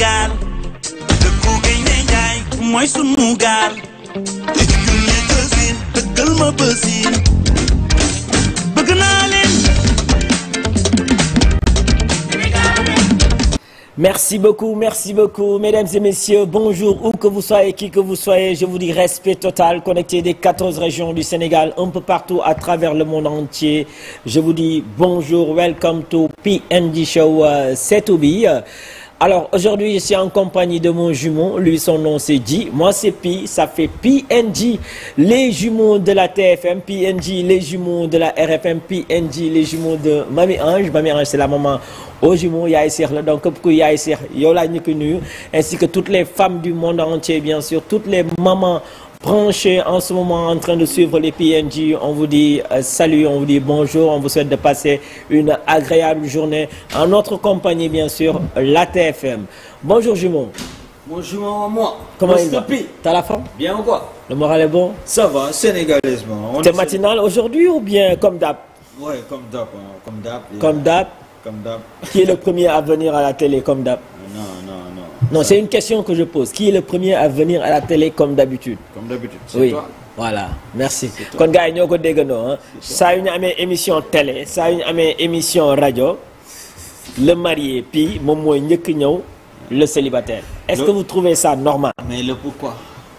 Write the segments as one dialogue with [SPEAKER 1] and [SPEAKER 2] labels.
[SPEAKER 1] gaal dëkku géy ne njaay mooy sunu gaal Merci beaucoup, merci beaucoup, mesdames et messieurs, bonjour, où que vous soyez, qui que vous soyez, je vous dis respect total, connecté des régions du Sénégal, un peu partout à travers le monde entier. Je vous dis bonjour, welcome to PND Show, euh, c'est Toby. Alors aujourd'hui, je suis en compagnie de mon jumeau, lui son nom c'est J, moi c'est Pi, ça fait PNJ, les jumeaux de la TFM, PNJ, les jumeaux de la RFM, PNJ, les jumeaux de Mami Ange, Mami Ange c'est la maman aux jumeaux Yaay Seex la donc képp ku Yaay Seex yow laa ñu ko nuyu ainsi que toutes les femmes du monde entier bien sûr toutes les mamans branchés en ce moment en train de suivre les PNJ. On vous dit euh, salut, on vous dit bonjour, on vous souhaite de passer une agréable journée en notre compagnie, bien sûr, la TFM. Bonjour jumeau. Bonjour moi. Comment il va? T'as Le moral est bon? Ça matinal aujourd'hui ou bien comme d'hab? Ouais, comme d'hab, comme d'hab. Comme d'hab. Comme d'hab. Qui est le premier à venir à la télé comme d'hab? Non, c'est une question que je pose. Qui est le premier à venir à la télé comme d'habitude Comme d'habitude, c'est oui. toi. voilà merci kon gars yi ñoo ko déggandoo saa yu ñu amee émission télé saa yu ñu amee émission rajo le marié puis moom mooy njëkk ñëw le célibataire est-ce le... que vous trouvez ça normal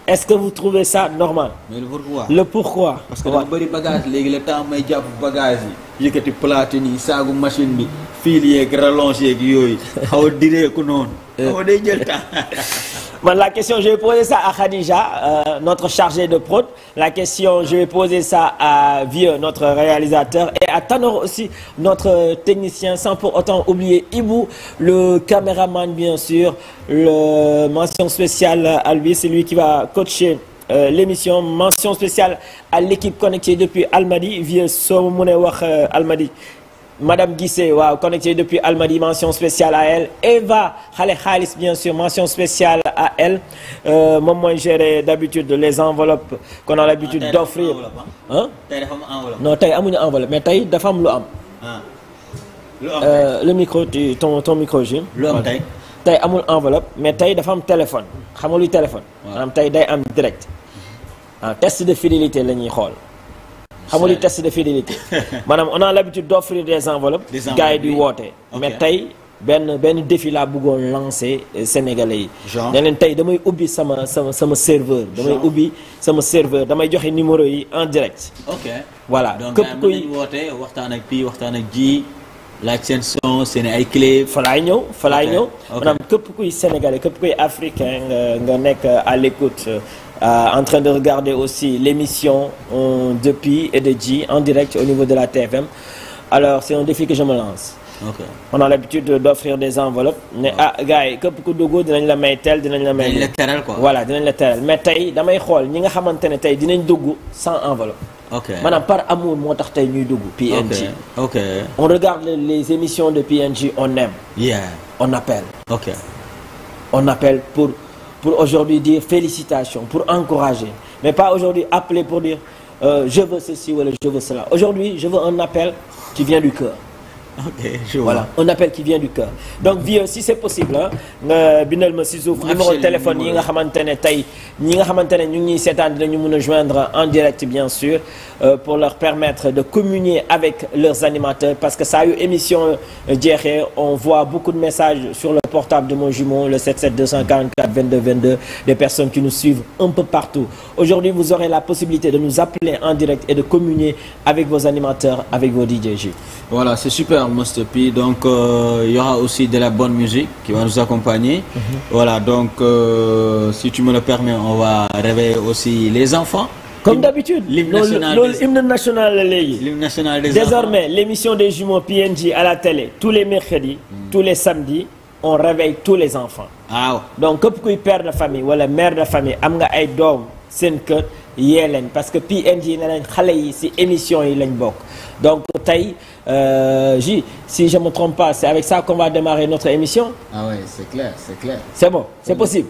[SPEAKER 1] est-ce que vous trouvez ça normal mais le pourquoi parce que dafa bëri bagage léegi le temps may jàpp bagage yi yëkkati platine yi saagu machine bi fil yeeg rallonge yeeg yooyu xaw euh. la question je vais poser ça à euh, notre chargé de prod la question je vais poser ça à Vieux notre réalisateur et à aussi notre technicien sans pour autant oublier Ibou le caméraman bien sûr le mention spéciale à lui c'est lui qui va coacher Euh, l'émission mention spéciale à l'équipe connectée depuis Almadi vieux so mu wax euh, Almadi madame Guissé waaw connectée depuis Almadi mention spéciale à elle Eva xale xaalis bien sûr mention spéciale à elle euh, moom mooy gérer d'habitude les enveloppes qu'on a l'habitude ah, d'offrir non tey amuñu enveloppe mais tey dafa am lu am ah. euh, le micro tu, ton ton enveloppe mais tey dafa am téléphone xam nga luy téléphone maanaam tey day am direct Ah, test de fidélité la ñuy xool. xamul li test de fidélité maanaam on a l'habitude d'offrir des enveloppes. des enveloppes gars yi di woote. mais tey benn benn defi laa bëggoon lancer euh, sénégalais yi. genre ne leen tey damay ubbi sama sama sama serveur. damay ubbi sama serveur damay joxe numéro yi en direct. ok voilà képp kuy woote waxtaan ak pii waxtaan ak ji. laaj seen son seen ay clé. fa laay ñëw falaay ñëw. maanaam képp kuy sénégalais képp kuy africain nga nga nekk à l'écoute euh, Euh, en train de regarder aussi l'émission euh, depuis et de J en direct au niveau de la TFM alors c'est un défi que je me lance. Okay. on a l'habitude d'offrir des enveloppes ne ah gars yi képp ku dugg dinañ la may teel dinañ la may. dinañ la teral quoi voilà dinañ la teral mais tey damay xool ñi nga xamante ne tey dinañ dugg sans enveloppe. ok maanaam par amour moo tax tey ñuy dugg. PNG ok on regarde les émissions de PNG on aime. yeah on appelle. ok on appelle pour. pour aujourd'hui dire félicitations, pour encourager, mais pas aujourd'hui appeler pour dire euh, je veux ceci ou je veux cela. Aujourd'hui, je veux un appel qui vient du cœur. ok je vois voilà un ma si yi nga xamante ne tey ñi nga xamante ne ñu ngi ñuy seetaan dinañu mën a joindre en direct bien sûr euh, pour leur permettre de avec leurs animateurs parce que saa yu émission euh, jeexee on voit beaucoup de messages sur le portable le 77 244 22 22 des personnes qui nous suivent la possibilité de nous appeler en direct et de communier avec vos animateurs Star Mostopi. Donc, euh, il y aura aussi de la bonne musique qui va nous accompagner. Mhm. Voilà, donc, euh, si tu me le permets, on va réveiller aussi les enfants. Comme d'habitude, l'hymne national, des... national, national des Désormais, l'émission des jumeaux PNJ à la télé, tous les mercredis, mm. tous les samedis, on réveille tous les enfants. Ah, ouais. Donc, comme quoi père de famille ou la mère de famille, amga ay dom sen kër yee parce que PNJ ne leen xale yi ci émission yi lañ bokk donc tey Euh, J, si je ne me trompe pas, c'est avec ça qu'on va démarrer notre émission.
[SPEAKER 2] Ah oui, c'est clair, c'est clair.
[SPEAKER 1] C'est bon, c'est possible.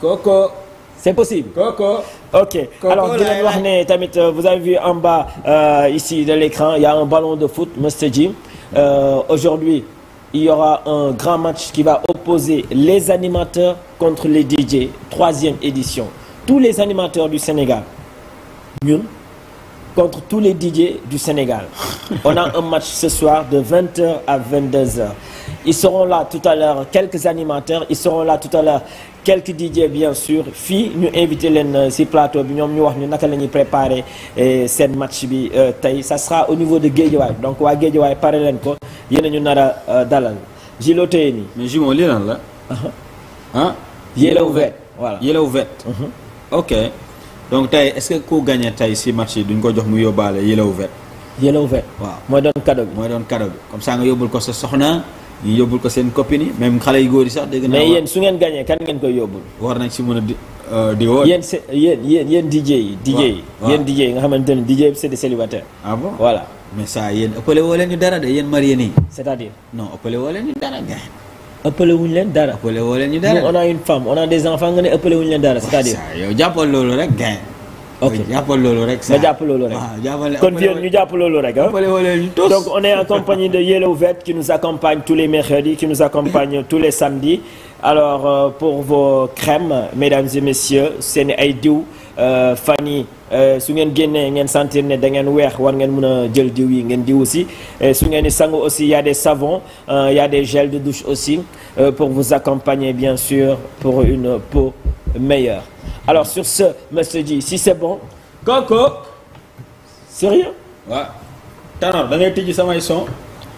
[SPEAKER 1] Coco. C'est possible. Coco. OK. Coco, Alors, Dylan Wahne, Tamit, euh, vous avez vu en bas, euh, ici de l'écran, il y a un ballon de foot, Mr. Jim. Euh, Aujourd'hui, il y aura un grand match qui va opposer les animateurs contre les DJ, troisième édition. Tous les animateurs du Sénégal, nous, contre tous les DJ du Sénégal. On a un match ce soir de 20 à 22h. Ils seront là tout à l'heure, quelques animateurs, ils seront là tout à l'heure, quelques DJ bien sûr. fii ñu invité leen euh, si plateau bi ñoom ñu wax ñu naka la ñuy préparer euh, seen match bi euh, tey ça sera au niveau de Guédiawaye donc waa Guédiawaye pare leen ko na ñu nar a dalal jiloo téye nii. mais jumeau lii lan la. Uh-huh. ah. yellow vest voilà yellow vest. Uh-huh. ok. donc tey est-ce ku gagné tey si match yi duñ ko jox mu yóbbaale yellow vert. yellow vert waaw mooy doon cadeau bi. mooy doon cadeau bi comme ça nga yóbbul ko sa soxna ñu yóbbul ko seen copine yi même xale yu góor yi sax. dégg naa mais yéen su ngeen gagné kan ngeen koy yóbbul. war nañ si mën a di euh, di woo. yéen se yéen yéen yéen DJ yi. DJ yi yéen DJ yi nga xamante ne DJ c'est des célibataires. ah bon voilà. mais ça yéen ëppale woo leen ñu dara de yéen marié nii. c'est-à-dire. leen ñu ëppale wuñ leen dara. ëppale woo leen ñu dara on a une femme on a des enfants nga ne ëppale wuñ leen dara c'est-à-dire. yow jàppal loolu rek gain. ok jàppal loolu rek. saa ma jàpp loolu rek waaw jàppale kon yéen ñu jàpp loolu rek ah. donc on est en compagnie de Yellow Vet qui nous accompagne tous les mercredis qui nous accompagne tous les samedis alors euh, pour vos crèmes mesdames et messieurs seen ay diw. Euh, fan yi euh, su ngeen génnee ngeen sentir ne da ngeen weex war ngeen mën a jël diw yi ngeen diw aussi su ngeen di sangu aussi y a des savons euh, y a des gels de douche aussi pour vous accompagner bien sûr pour une peau meilleure alors sur ce monsieur si c'est bon Coco sérieux waaw Tanor da ngay tijji samay son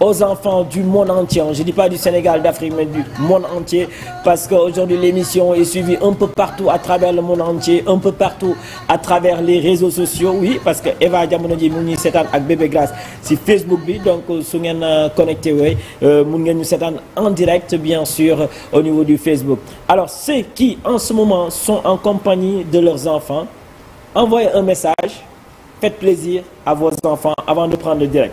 [SPEAKER 1] aux enfants du monde entier. Je ne dis pas du Sénégal, d'Afrique, mais du monde entier. Parce qu'aujourd'hui, l'émission est suivie un peu partout à travers le monde entier, un peu partout à travers les réseaux sociaux. Oui, parce que Eva Diamono ji mu ngi seetaan ak Bébé Grâce si Facebook bi donc euh, su ngeen euh, connecté wooy euh, mun ngeen ñu seetaan en direct bien sûr au niveau du Facebook. Alors ceux qui en ce moment sont en compagnie de leurs enfants, envoyez un message, faites plaisir à vos enfants avant de prendre le direct.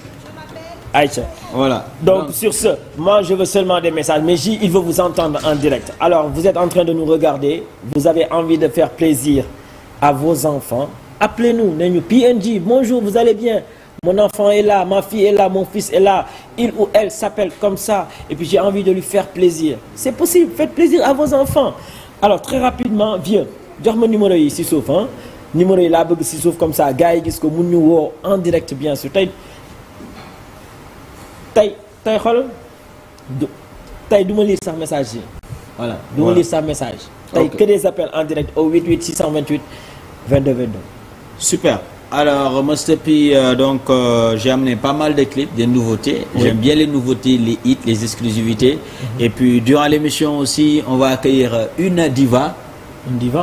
[SPEAKER 1] Aïcha. Voilà. Donc, Donc sur ce, moi je veux seulement des messages mais J, il veut vous entendre en direct. Alors, vous êtes en train de nous regarder, vous avez envie de faire plaisir à vos enfants. Appelez-nous, nañu PNJ. Bonjour, vous allez bien? Mon enfant est là, ma fille est là, mon fils est là. Il ou elle s'appelle comme ça et puis j'ai envie de lui faire plaisir. C'est possible, faites plaisir à vos enfants. très rapidement, viens. Jox ma numéro yi ci suuf hein. Numéro yi laa bëgg ci suuf comme ça gars yi gis ko mun ñu woo en direct bien sûr. tey tey xoolal du ma sax message yi voilà du message tey que des appels en direct au 88 628 super alors euh, Master euh, donc euh, j'ai pas mal de clips des nouveautés oui. j'aime bien les nouveautés les hits les exclusivités mhm. et durant l'émission aussi on va accueillir euh, une diva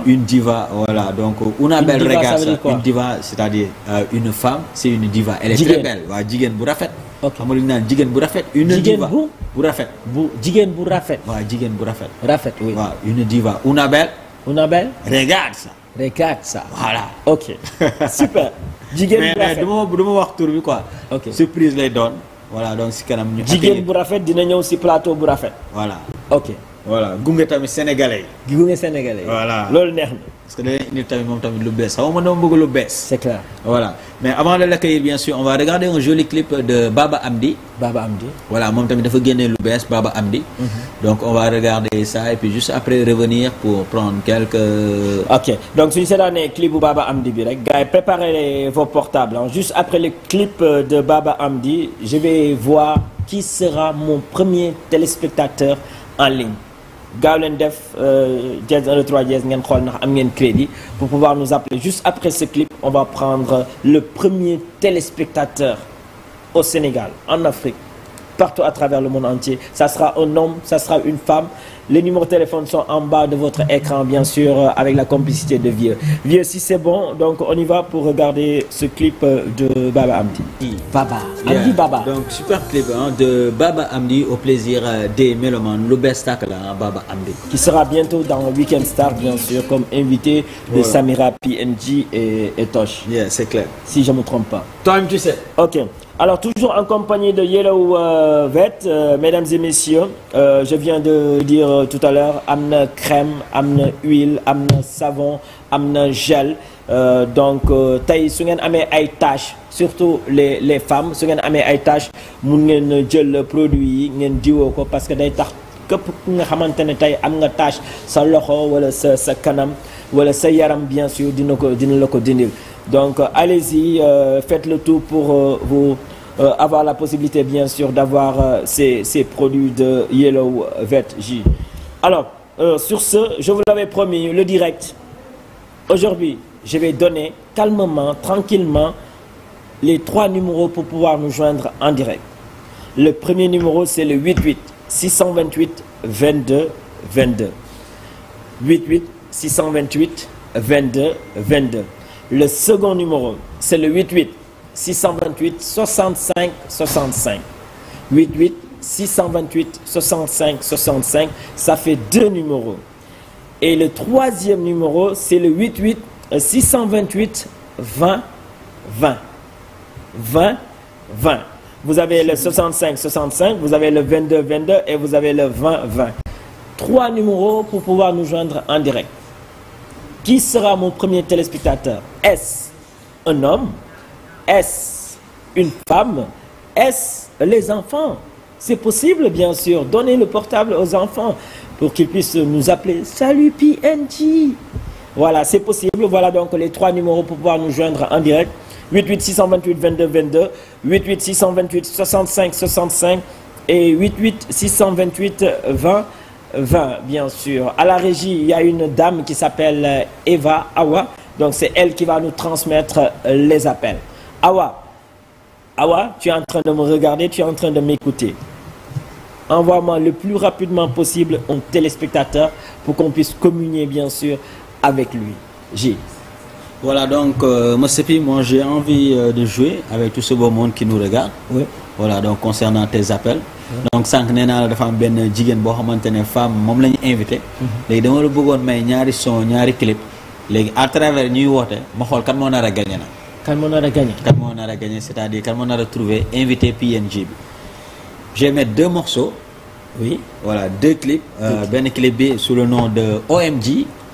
[SPEAKER 1] une diva voilà donc una belle regarde une diva c'est-à-dire une femme c'est une diva elle est très belle waaw jigéen bu rafet ok xam nga lu naan jigéen bu rafet. une diva jigéen bu bu rafet. bu jigéen bu rafet. waaw jigéen bu rafet. rafet oui waaw une diva una belle. una belle. regarde ça. regarde ça. voilà ok super. jigéen bu rafet mais du ma wax tur bi quoi. ok surprise lay doon. voilà donc si kanam ñu. jigéen bu rafet dina ñëw si plateau bu rafet. voilà ok. voilà gunge tamit sénégalais yi. gunge sénégalais yi. loolu neex na. parce que da leen indi tamit moom tamit lu bees xaw ma dama bëgg lu bees. c'est clair voilà mais avant de l'accueillir bien sûr on va regarder un joli clip de Baba Amdi. Baba Amdi voilà moom tamit dafa génne lu bees Baba Amdi. Mhm. donc on va regarder ça et puis juste après revenir pour prendre quelques. ok donc suñu seetaanee clip bu Baba Amdi bi rek gars yi préparez vos portables hein. juste après le clip euh, de Baba Amdi je vais voir qui sera mon premier téléspectateur en ligne. gaaw leen def dièse 1 2 3 dièse ngeen xool ndax am ngeen crédit pour pouvoir nous appeler juste après ce clip on va prendre le premier téléspectateur au Sénégal en Afrique partout à travers le monde entier ça sera un homme ça sera une femme Les numéros de téléphone sont en bas de votre écran, bien sûr, euh, avec la complicité de Vieux. Vieux, si c'est bon, donc on y va pour regarder ce clip euh, de Baba Amdi. Baba, yeah. Amdi Baba. Donc, au plaisir euh, des le best là, Baba Amdi. Qui sera bientôt dans Weekend Star, bien sûr, comme invité de voilà. Samira PNG et, Tosh. Si je ne me trompe pas. Alors toujours en compagnie de Yellow euh, Vet euh, mesdames et messieurs euh, je viens de dire euh, tout à l'heure am na crème am na huile am na savon am na gel euh, donc tey su ngeen amee ay tâches surtout les les femmes su ngeen amee ay tâches mun ngeen jël produits yi ngeen diwoo ko parce que day tax képp ku nga xamante ne tey am nga tâche sa loxo wala sa sa kanam wala sa yaram bien sûr dina ko dina la ko dindil donc allez-y euh, faites le tout pour euh, vous euh, avoir la possibilité bien sûr d'avoir ces ces produits de Yellow Vet J alors sur ce je vous l'avais promis le direct aujourd'hui je vais donner calmement tranquillement les trois numéros pour pouvoir nous joindre en le premier numéro c'est le 88 628 22 22 88 628 22 22 Le second numéro, le 88 628 65 65. 88 628 65 65, ça fait deux numéros. le troisième numéro, c'est le 88 le 65 65, vous avez le 22 22 et vous avez le 20 Qui sera mon premier téléspectateur? est les enfants? C'est possible, bien sûr. Donnez le portable aux enfants pour qu'ils puissent nous appeler. Salut PNJ. Voilà, c'est les trois numéros pour pouvoir nous joindre en direct. 88 628 22 22, 88 628 65 65 et 88 628 20 20, bien sûr. À la régie, il y a une dame qui s'appelle Eva Awa. Donc, c'est elle qui va nous transmettre les appels. Awa, Awa, tu es en train de me regarder, tu es en train de m'écouter. Envoie-moi le plus rapidement possible un téléspectateur pour qu'on puisse communier, bien sûr, avec lui. donc, euh, Mosepi, moi, j'ai envie euh, de jouer avec tout ce beau monde qui nous regarde. Voilà, donc, concernant tes appels. donc sànq nee naa la dafa am benn jigéen boo xamante ne femme moom la ñu invité. Mhm. léegi dama la bëggoon may ñaari son ñaari clip léegi à travers ñuy woote ma xool kan moo nar a gagné na. kan moo nar a gagné. kan moo nar a gagné c'est-à-dire kan moo nar a trouvé invité PNJ bi. je vais mettre deux morceaux. oui voilà deux clips. Euh, benn clip bi sous le nom de OMG.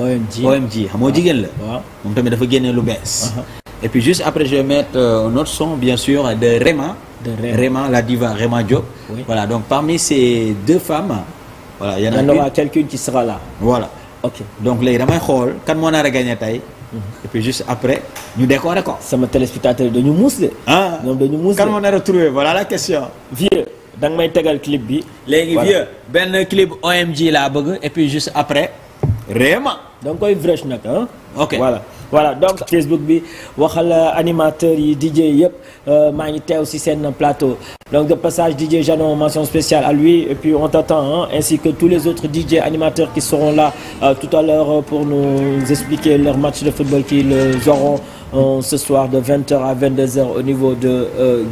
[SPEAKER 1] OMG OMG xam nga jigéen la. waaw moom tamit dafa génne lu bees. Uh-huh. et puis juste après je vais mettre euh, son bien sûr de Rema. de Réma, la diva Réma Diop. Oui. Voilà, donc parmi ces deux femmes, voilà, il y en a Il quelqu'une qui sera là. Voilà. OK. Donc léegi damay xool kan moo a gagné tey. Mhm. et puis après ñu décorer ko. sama téléspectateur dañu muus de. Ah. dañu muus de kan moo a trouver voilà la question. vieux da may tegal clip bi. léegi vieux benn clip OMG laa bëgg et puis après. Réma. da koy vrech nag ah. OK voilà donc Facebook bi waxal euh, animateur yi DJ yëpp euh, maa ngi teew ci seen plateau donc de passage DJ Janon mention spéciale à lui et puis on les autres DJ animateurs qui seront là euh, tout à euh, pour nous expliquer leur match de football qu'ils auront euh, ce soir de 20h à 22h au niveau de euh,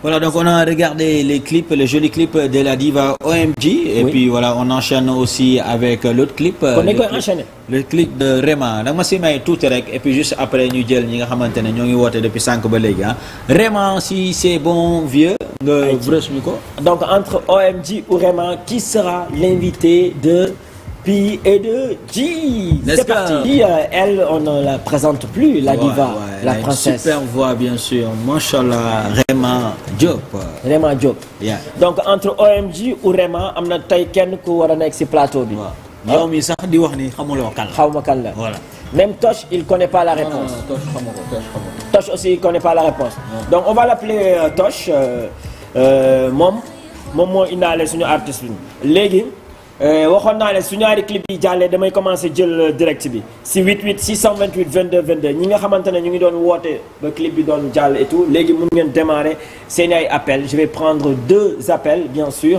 [SPEAKER 1] Voilà, donc on a regardé les clips, le joli clip de la diva OMG. Et puis voilà, on enchaîne aussi avec l'autre clip. le clip de Rema nag ma si may et juste après ñu jël ñi nga xamante ne ñoo ngi woote depuis sànq ba léegi ah Rema si c'est bon vieux. ko. donc entre OMG ou Rema qui sera l'invité de. P et de G. Elle, ne la présente plus, la ouais, diva, ouais, la elle princesse. A une bien sûr. Machallah, Rema Diop. Rema Diop. Donc, entre OMG ou Rema, am na tey kenn ku war a nekk si plateau bi. waaw yow mi sax di wax ni xamuloo kan la. xawma kan la Même Tosh, il ne connaît pas la réponse. Non, aussi, il ne connaît pas la réponse. Donc, on va l'appeler euh, Tosh. Euh, euh, moom moom moo indaale suñu artiste bi Euh, waxoon naa ne su ñaari clip yi jàllee damay commencé jël euh, direct bi si 88 628 22 22 ñi nga xamante ne ñu ngi doon woote ba clip bi doon jàll et léegi mun ngeen démarrer seen ay appel je vais prendre deux appels bien sûr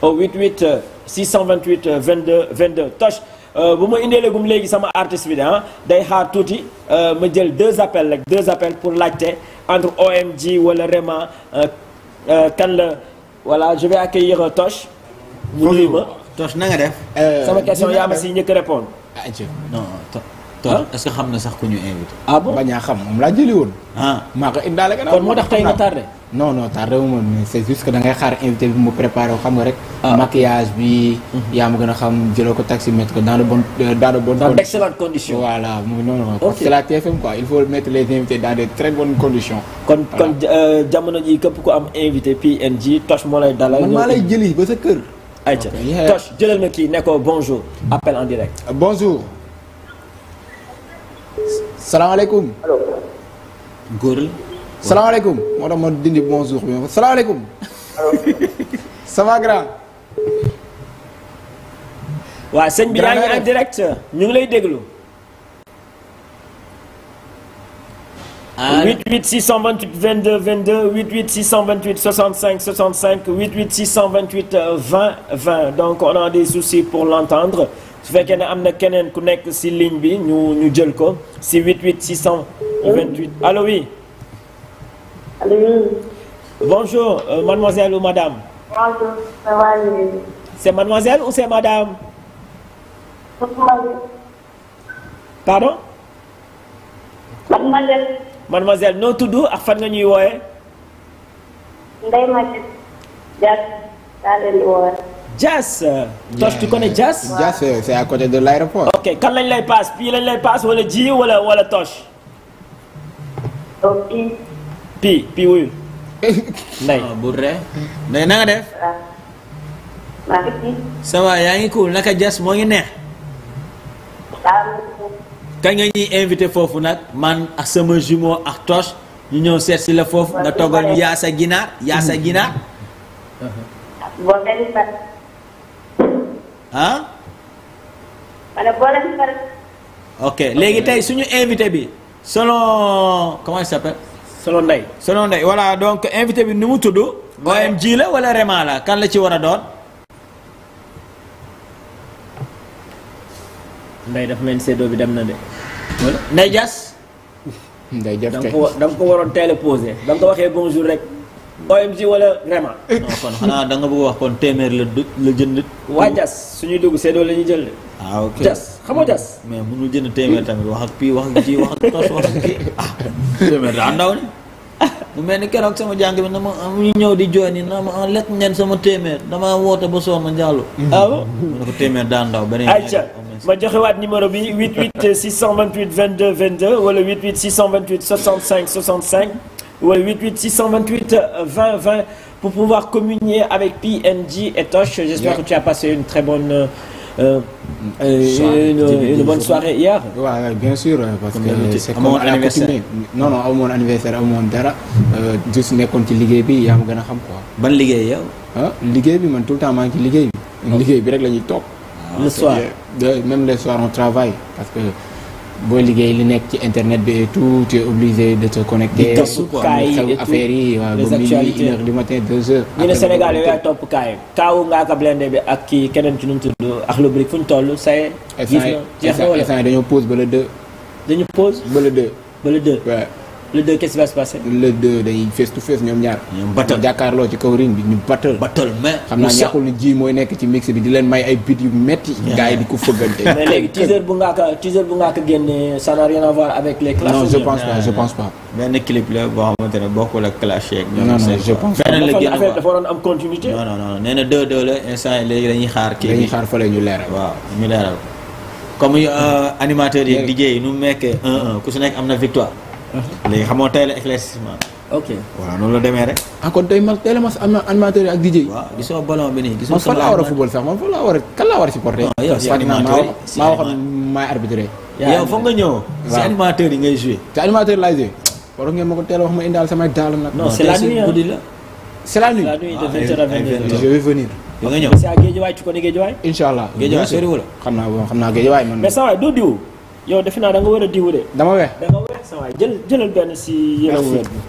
[SPEAKER 1] au 88 628 22 22 Toch bu ma indee léegum léegi sama artiste bi day xaar tuuti euh, ma jël deux appels rek deux appels pour laajte entre OMG wala Rema kan la voilà je vais accueillir Toch. mu nuyu ma. Toch na nga def. Euh, sama question yaa ma si njëkk a répondre. ah eh, non est xam na sax ku ñu invité. ah bon bañ xam
[SPEAKER 2] moom laa jëli woon. ah maa ko indaale gannaaw. kon moo tax tey nga tardé. non non tardé wu ma mais c'est juste da ngay xaar invité bi mu préparé wu xam nga rek. Ah. maquillage bi. Mhm. ma gën a xam jëloo ko taxi ko dans de bonnes euh, dans de bonnes. dans d'excellentes mu noonu la parce que la
[SPEAKER 1] TFM quoi il faut mettre les invités dans de très bonnes conditions. kon kon euh, jamono ji képp ko am invité PNJ Toch moo lay dalal. man maa lay jëli ba sa kër. ayca Toch jëlal ma kii ne ko bonjour appel en direct. bonjour. salaamaaleykum. allo.
[SPEAKER 2] góor la. salaamaaleykum. moo tax ma dindi bonjour bi ma salaamaaleykum.
[SPEAKER 1] allo. waa sëñ bi yaa en direct ñu ngi lay déglu. ah 88 628 22 22 88 628 65 65 88 628 20 20 donc on a des soucis pour l'entendre su fekkee ne am na keneen ku nekk ci ligne bi ñu ñu jël ko ci 88
[SPEAKER 3] 628
[SPEAKER 1] allo oui. allo. bonjour euh, mademoiselle ou madame. bonjour. c'est mademoiselle ou c'est madame. pardon.
[SPEAKER 4] mademoiselle.
[SPEAKER 1] mademoiselle noo tudd ak fan nga ñuy wooye Ndeye Mati Dias daa di wooye. Dias. Toch tu euh, côté de l'aéroport. ok kan lañ lay paas pii lañ lay paas wala ji walla wala Toch. donc pii. pii wuyu. Ndeye waaw bu dee. Ndeye na
[SPEAKER 5] waaw.
[SPEAKER 1] yaa ngi cool naka Dias moo ngi neex. kañ nga ñuy invité foofu nag man ak sama jumeau ak Toch ñu ñëw seet si la foofu nga toggal ñu yaasa ginaar yaasa ginaar. boo mel ni ah. ok léegi tey suñu invité bi solo comment il s'appelle. selon Ndeye. selon Ndeye donc invité bi nu mu tudd. OMG la wala Rema la kan la ci war a doon. Ndeye dafa mel ni bi dem na de. Ndeye Dias. Ndeye Dias da nga ko waroon teel a posé ba nga ko waxee bonjour rek. OMG wala vraiment. Eh. non kon xanaa da nga bëgg wax kon téeméer la du la jënd. waa Dias suñuy dugg seedoo la ñuy jël de. ah ok Dias xam nga Dias. mais mënul jënd téeméer tamit wax ak pii wax ak ji wax ak tos wax ak ah, téeméer daa ndaw ni mu mel ni keroog sama jàng bi na ma ñu ñëw di jooy ni na ma ah, lekk ngeen sama téeméer damaa woote ba soon ma njàllu aw ah, mu ne ko téeméer daan daw beneen ma joxewaat numéro bi 88 628 22 22 wala 88 628 65 65 wala 88 628 20 20 pour pouvoir communier avec PNJ et Toch j'espère yeah. que tu as passé une très bonne euh, euh,
[SPEAKER 2] euh une, une bonne soirée hier. waaw ouais, bien sûr parce que amoon anniversaire amoon dara. Euh, juste nekkoon ci liggéey bi yaa ma gën a xam quoi. ban liggéey yow. liggéey bi man tout le temps maa ngi ci liggéey bi. Oh. liggéey bi rek la ñuy toog. le soir même le soir on travaille parce que. boo liggéey li nekk ci internet bi et tout tu es obligé de te connecter. di affaire yi waaw ba minuit une heure du matin deux heures. ñu ne
[SPEAKER 1] Sénégal yooyu yaay topp kaay kaawu ngaa ko blende bi ak kii keneen ci nu mu tudd ak lu bëri fu ñu toll saa yéen. jeex na wala
[SPEAKER 2] dañoo pause ba le deux. dañu pause ba le le 2 qu'est-ce qui va se passer. le 2 day face to face ñoom ñaar. ñoom battle jàkkaarloo ci kaw bi ñu battle. battle mais xam naa ñàkkul ni ji mooy nekk ci mix bi di leen may ay bit yu metti gars di ko fëggante. mais léegi teaser
[SPEAKER 1] bu nga ka teaser bu nga ka avec les clashs. non je pense pas je pense pas. instant yii léegi dañuy xaar. kii dañuy xaar fële ñu leeral. waaw ñu leeral comme euh, animateurs yi DJ nu mu nekkee ku su nekk am na victoire léegi xamoo tey la éclaircissement ok waaw noonu la demee rek.
[SPEAKER 2] ah kon tey man tey la mas animateur yi ak DJ yi. waaw gisoo laa war a football sax man fan laa war a kan laa a yi nga ñëw. si
[SPEAKER 1] animateur yi ngay
[SPEAKER 2] te animateur laay joué. waroon ngeen ma ko teel a wax ma indaal samay daalam nag. non c'est la nuit guddi la.
[SPEAKER 1] allah.
[SPEAKER 2] Guédiawaye
[SPEAKER 1] doo diw yow defe naa da nga war a diw de. dama weex da nga weex sa waay jël jëlal benn si yére wu wér bi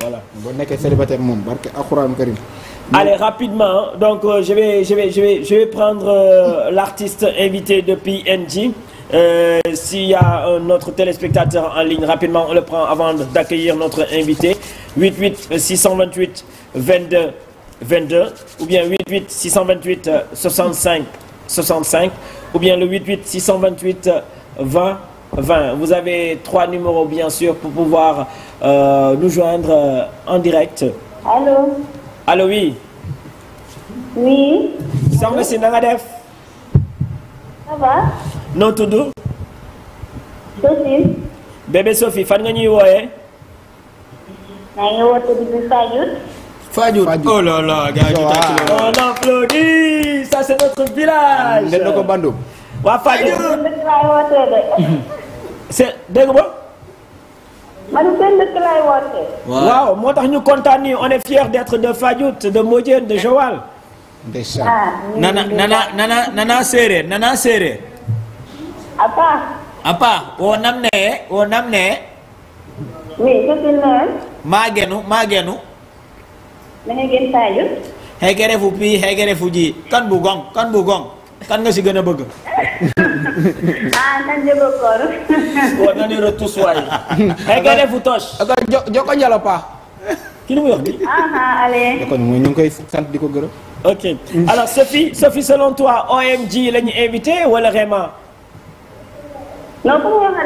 [SPEAKER 1] voilà
[SPEAKER 2] boo nekkee célibataire moom barke alxuraan karim
[SPEAKER 1] allez rapidement donc euh, je vais je vais je vais je vais prendre euh, l'artiste invité depuis NJ euh, s'il y a un autre téléspectateur en ligne rapidement on le prend avant d'accueillir notre invité 88 628 22 22 ou bien 88 628 65 65 ou bien 20 20. Vous avez trois numéros, bien sûr, pour pouvoir euh, nous joindre euh, en direct. allo. allo oui. oui. soxna si na nga def. ça va. noo tudd. Sophie. bébé Sophie fan nga ñuy wooyee. maa ngi woote depuis Fadiouth. Fadiouth. oh là là
[SPEAKER 2] gars yi ñu la.
[SPEAKER 1] on ça c'est notre village. waa Fadio waaw moo tax ñu kontaan nii on est fier d'être de Fadiout de Modiane de Joal. ndeysaan ah, nana nana nana nana séeréer nana séeréer. Apa. Apa woo nam nee woo nam nee. maa gënu maa gënu.
[SPEAKER 4] da nga gën Fadiout.
[SPEAKER 1] xeegere ji kan bu gong kan bu gong. kan nga si gën a bëgg.
[SPEAKER 6] ah nan jëba koor.
[SPEAKER 1] war na ni retus waay. xëy nga defu tos. jo joko njalo paa. ki lu muy wax nii.
[SPEAKER 6] Ah, ah, allez.
[SPEAKER 1] joko mooy ñu ngi koy sant di ko gërëm. ok alors Sophie Sophie selon toi OMG la ñu invité wala Rema.
[SPEAKER 5] non ku mu wax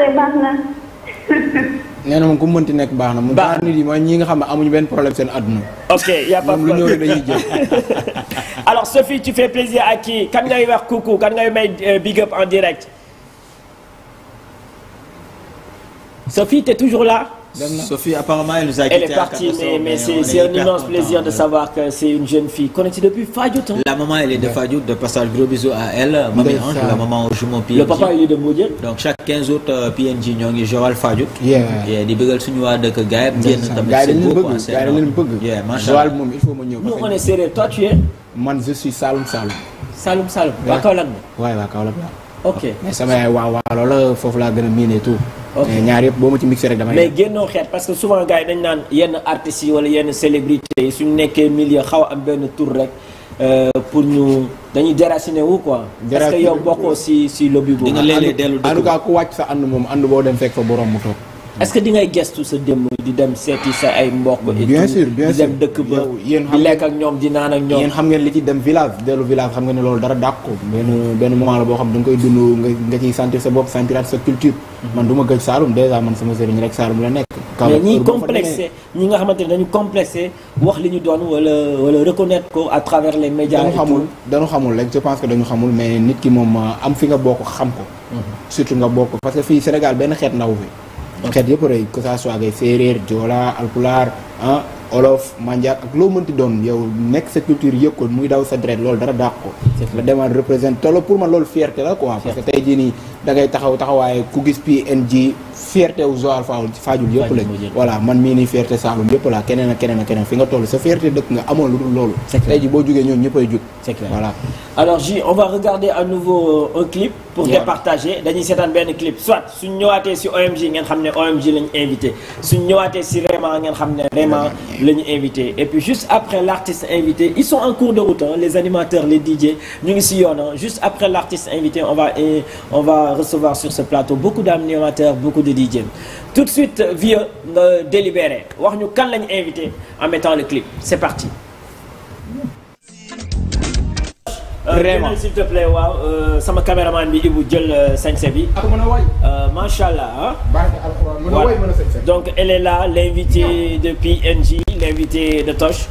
[SPEAKER 2] nee na moom ku mu mënti nekk baax na mu baax nit yi mooy ñi nga xam ne amuñu benn problème seen àdduna ok y a pas lu ñëw rek
[SPEAKER 1] alors Sophie tu fais plaisir à qui kan ngay wax coucou kan ngay may euh, big up en direct Sophie t'es toujours là Sophie, apparemment, elle nous a quittés. Elle est partie, mais, mais c'est un immense plaisir de savoir que c'est une jeune fille qu'on était depuis Fadjout. La maman, elle est de Fadjout, de passer un gros bisou à elle. Ange, la maman au jumeau PNJ. Le papa, il est de Moudier. Donc, chaque 15 août, PNJ, nous avons Joral Fadjout. Et des de que Gaëb, bien entendu, c'est beau. Gaëb, il faut me Nous, on est serré.
[SPEAKER 2] tu es Moi, je suis Saloum Saloum. Saloum Saloum, Wakaolag. Ouais, Wakaolag. Ok. ñaar yëpp boo ma ci mixé rek damay. mais
[SPEAKER 1] génnoo xeet parce souvent gars yi naan yenn artistes yi wala yenn célébrités yi suñu nekkee milieu xaw a am benn tour rek euh, pour ñu dañuy déraciné wu quoi. parce que yow bokkoo si si lobby boobu. nga léeg dellu en tout cas ku wàcc sa ànd moom ànd boo dem fekk fa borom mu toog. est-ce que di ngay gestu
[SPEAKER 2] sa démb di dem seeti sa ay mbokk bien sûr dem dëkk ba di lekk ak ñoom di naan ak ñoom yéen xam ngeen li ci dem village dellu village xam ngeen ne loolu dara dàq ko benn benn moment la boo xam da nga koy dund nga nga sa bopp sentiraat sa culture mhm. man du ma gëj Saalum déjà man sama sëriñ rek la
[SPEAKER 1] nekk ko à travers les médias dañu
[SPEAKER 2] xamul dañu je pense que dañu xamul mais nit ki moom am fi nga bokk xam ko mhm. surtout nga bokk parce que fii Sénégal benn xeet ndaw fi xeet yëpp rëy que ça soit ngay séeréer joola alpulaar ah, olof manjaak ak loo mënti doon yow nekk sa culture yëg ko muy daw sa dret loolu dara dàq ko la demal représente te loolu pour man loolu fierté la quoi parce que tey jii nii da ngay taxaw taxawaaye ku gis PNG fierté wu Joal Fadiouth Fadiouth yëpp la voilà man mii nii fierté Saloum yëpp la keneen ak keneen ak keneen fi nga toll sa fierté dëkk nga amoon lu dul loolu tey jii boo jógee ñoom ñëppay jóg voilà
[SPEAKER 1] alors J on va regarder à nouveau euh, un clip pour départager dañuy seetaan benn clip soit suñ ñëwaatee si xam ne OMG lañ invité suñ ñëwaatee si Réma ngeen xam ne Réma la ñu invité et puis juste après l'artiste invité ils sont en cours de route les animateurs les DJ ñu ngi si yoon juste après l'artiste invité on va et eh, on va recevoir sur ce plateau beaucoup d'animateurs beaucoup de DJ tout de suite nga euh, délibéré wax ñu kan la ñu invité en mettant le clip c'est parti Euh, vraiment s'il te plaît waaw euh, sama caméraman bi Ibou jël euh, sañse bi. ak ah, mën a waay. macha allah donc elle est là l'invitée de PNJ l'invitée de Toch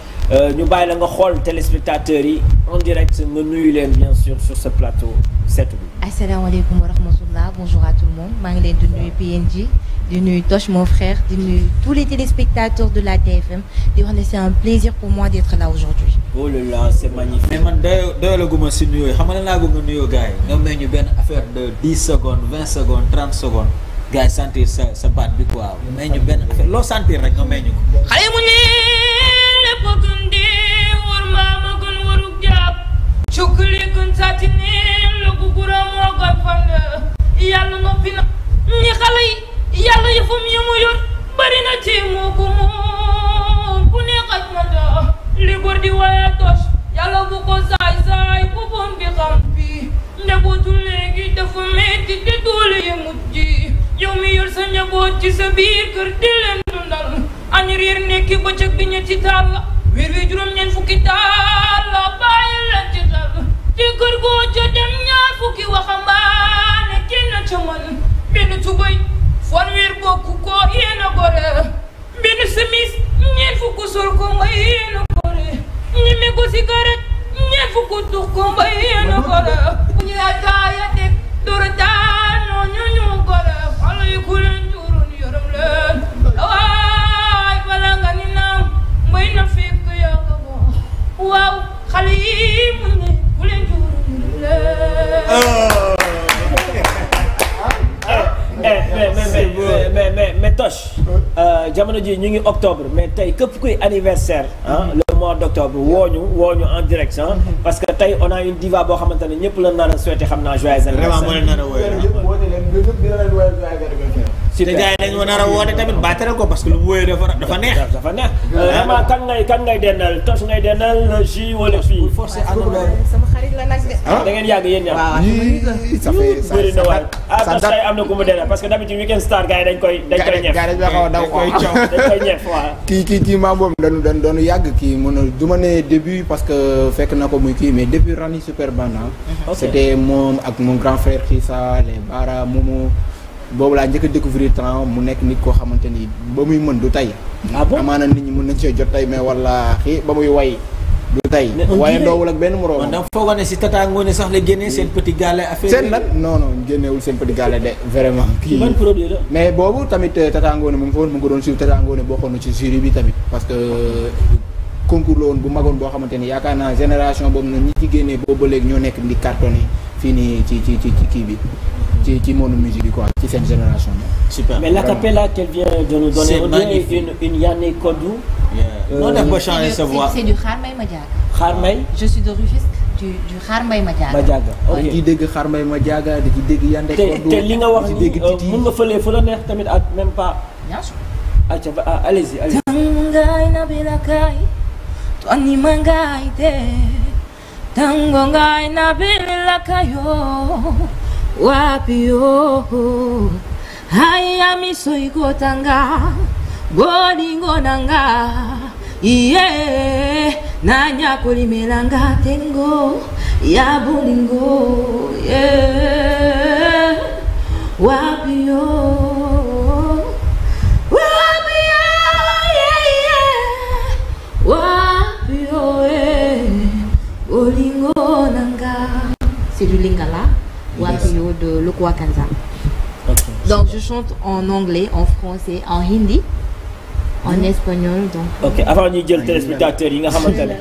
[SPEAKER 1] ñu bàyyi la nga xool téléspectateurs yi en direct nga nuyu leen bien sûr sur ce plateau seetu bi.
[SPEAKER 4] asalaamaaleykum wa rahmatullah bonjour à tout le monde maa ngi leen di nuyu PNG di nuyu Toch mon frère di nuyu tous les téléspectateurs de la TFM di wax ne c'est un plaisir pour moi d'être là aujourd'hui
[SPEAKER 1] oh là là c'est magnifique mais man doy doyalaguma si nuyoo xam nga laa bëgg nga nuyoo gars yi nga may ñu benn affaire de dix secondes vingt secondes trente secondes gars sentir sa sa baat bi quoi may ñu benn affaire loo sentir rek nga may ñu ko.
[SPEAKER 5] cukkuli guntaati niin lu gugura moo gorfand yàlla noppi na ñi xale yi yàlla yëfum yi mu yor bari ci moo ko moom bu neex ak man da di waaye tos yàlla bu ko saay saay bu bon bi xam bi njabootu léegi dafa metti te doole yi mujj yow mi yor sa njaboot ci sa biir kër di leen dundal añ réer nekki bëccëg bi ñetti taal la weer wi juróom-ñeent fukki taal bàyyi la te kër goo ca dem ñaar fukki waxambaane kenn ca man benn tubay fanweer bokk ko yéen a gore benn semis ñeent fukk sol ko nga a gore ñeme ko cigarette ñeent fukk tux ko nga yéen a gore bu ñu ataaya deg doro daanoo ñu ñu gore xale yi ku leen
[SPEAKER 1] jamono ji ñu ngi octobre mais tey képp kuy anniversaire ah le mois d' octobre wooñu wooñu en direct ah, parce que tey on a une diva boo xamante ne ñëpp la nar a souhaité xam naa joyeux anniversaire ah.
[SPEAKER 2] si te gars yi dañoo nar a woote tamit
[SPEAKER 1] baatere ko parce que lu mu wóyee dafa dafa neex. dafa neex vraiment ah. kan ngay kan ngay dendal tos ngay dendal jus wala fii. forcé
[SPEAKER 2] ànd
[SPEAKER 4] la nag de. Ah? da ngeen
[SPEAKER 1] yàgg yéen ñaar. waaw ça fait ça ah, am na ku mu dee parce que d'habitude weekend star gars yi dañ koy. dañ koy ñeef gars yi dañ koy dañ koy coow
[SPEAKER 2] kii kii kii boobu dañu dañu doon yàgg kii mun a du ma ne début parce que fekk na ko muy kii mais depuis Rani Super Band. Ah. c'était moom ak mon grand frère Xissa les Bara Momo. boobu laa njëkk a découvrir temps mu nekk nit koo xamante ni ba muy mën du tay ah bon amaana nit mën nañ cee jot tey mais wala xii ba muy way. lu tey waaye ndoowul
[SPEAKER 1] ak benn moroom da foogoo ne si Tata sax la génnee seen petit gàllé affaire seen nag non
[SPEAKER 2] non seen petit gàllé de vraiment kii ban produit mais boobu tamit euh, Tata Ngoné moom fa woon mu ngi doon suivre Tata Ngoné bokkoon na ci jury bi tamit parce que euh, concours la woon bu magoon boo xamante ni yaakaar naa génération boobu noonu ñi ci génnee boobu ba léegi ñoo nekk di cartonné fii nii ci ci ci kii bi ci ci monde musique bi
[SPEAKER 1] xaar
[SPEAKER 4] may ma jaaga. xaar may. je suis de Rufisque du du xaar may ma jaaga. ma jaaga ok di
[SPEAKER 1] dégg xaar may ma jaaga di dégg Yanné Kodou. te te li nga wax ni euh, mun nga fële fu la neex tamit ak même pas. bien sûr. acca ba ah, allez-y allez-y.
[SPEAKER 5] tàngaay na bi la kaay. tonni wapi oh haya miso ikotanga golingo nanga iye nanya kulimelanga tengo ya bolingo ye
[SPEAKER 6] wapi oh wapi oh yeah yeah
[SPEAKER 4] wapi
[SPEAKER 6] oh eh
[SPEAKER 4] golingo nanga c'est du lingala Wakuyo de Lokuakanza. Okay. Donc je chante en anglais, en français, en hindi, en mm. espagnol donc. Euh, ok avant ñuy jël téléspectateurs yi nga xamante ne.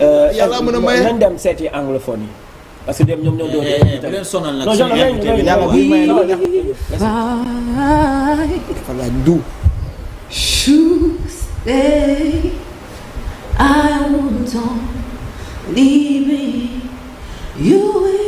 [SPEAKER 1] Euh, yàlla mën a maye euh, nañ dem seeti anglophone yi. parce que dem ñoom ñoo doon. Eh, bu leen sonal nag suñu yàlla
[SPEAKER 6] Tuesday, I won't leaving you.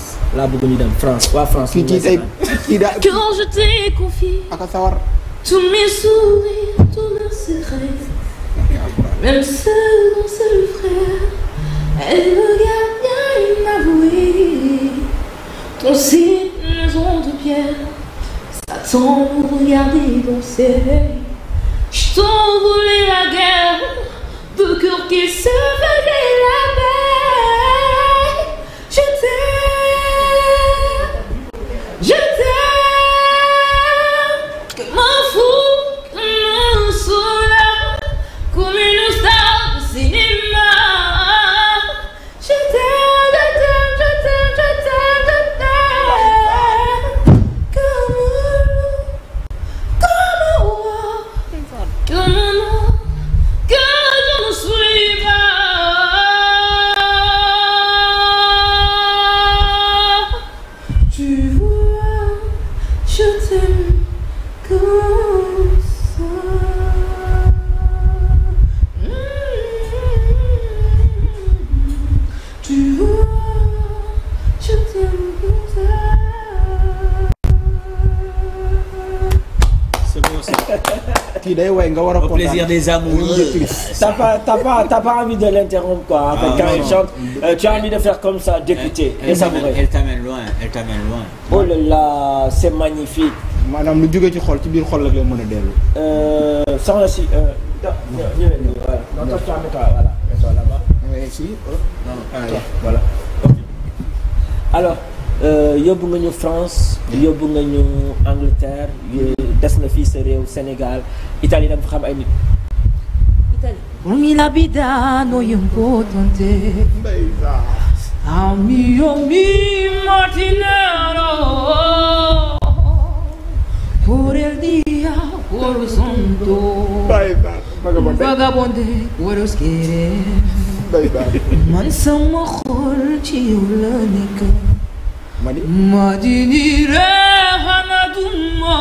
[SPEAKER 1] laa bëgg ñu dem France waa France. kii quand
[SPEAKER 6] je t'ai confié. ak a sawar. tous mes sourires, tous mes secrets. même seul mon seul frère. elle me garde inavoué. ton signe, maison de pierre. Satan pour regarder mon ciel. je t'envolais la guerre. deux cœurs qui se
[SPEAKER 1] plaisir des amoureux de tous. t'as pas t'as pas t'as pas envie de l'interrompre quoi. Ah, quand il chante euh, tu as envie de faire comme ça d'écouter. elle t'amène elle t'amène loin. oh là là c'est magnifique.
[SPEAKER 2] maanaam lu jógee ci xol ci biir xol la lay mën a dellu.
[SPEAKER 1] Euh, soxna si. Euh, euh, voilà. alors yóbbu nga ñu France yóbbu nga ñu Angleterre des na fii sa réew Sénégal Italie da nga
[SPEAKER 4] la bi daanoo yëngu ko tonte.
[SPEAKER 5] ami yo mi matinero por el día por el santo
[SPEAKER 6] vagabonde por los querer man ci yow la nekk
[SPEAKER 2] madini
[SPEAKER 6] reexana duma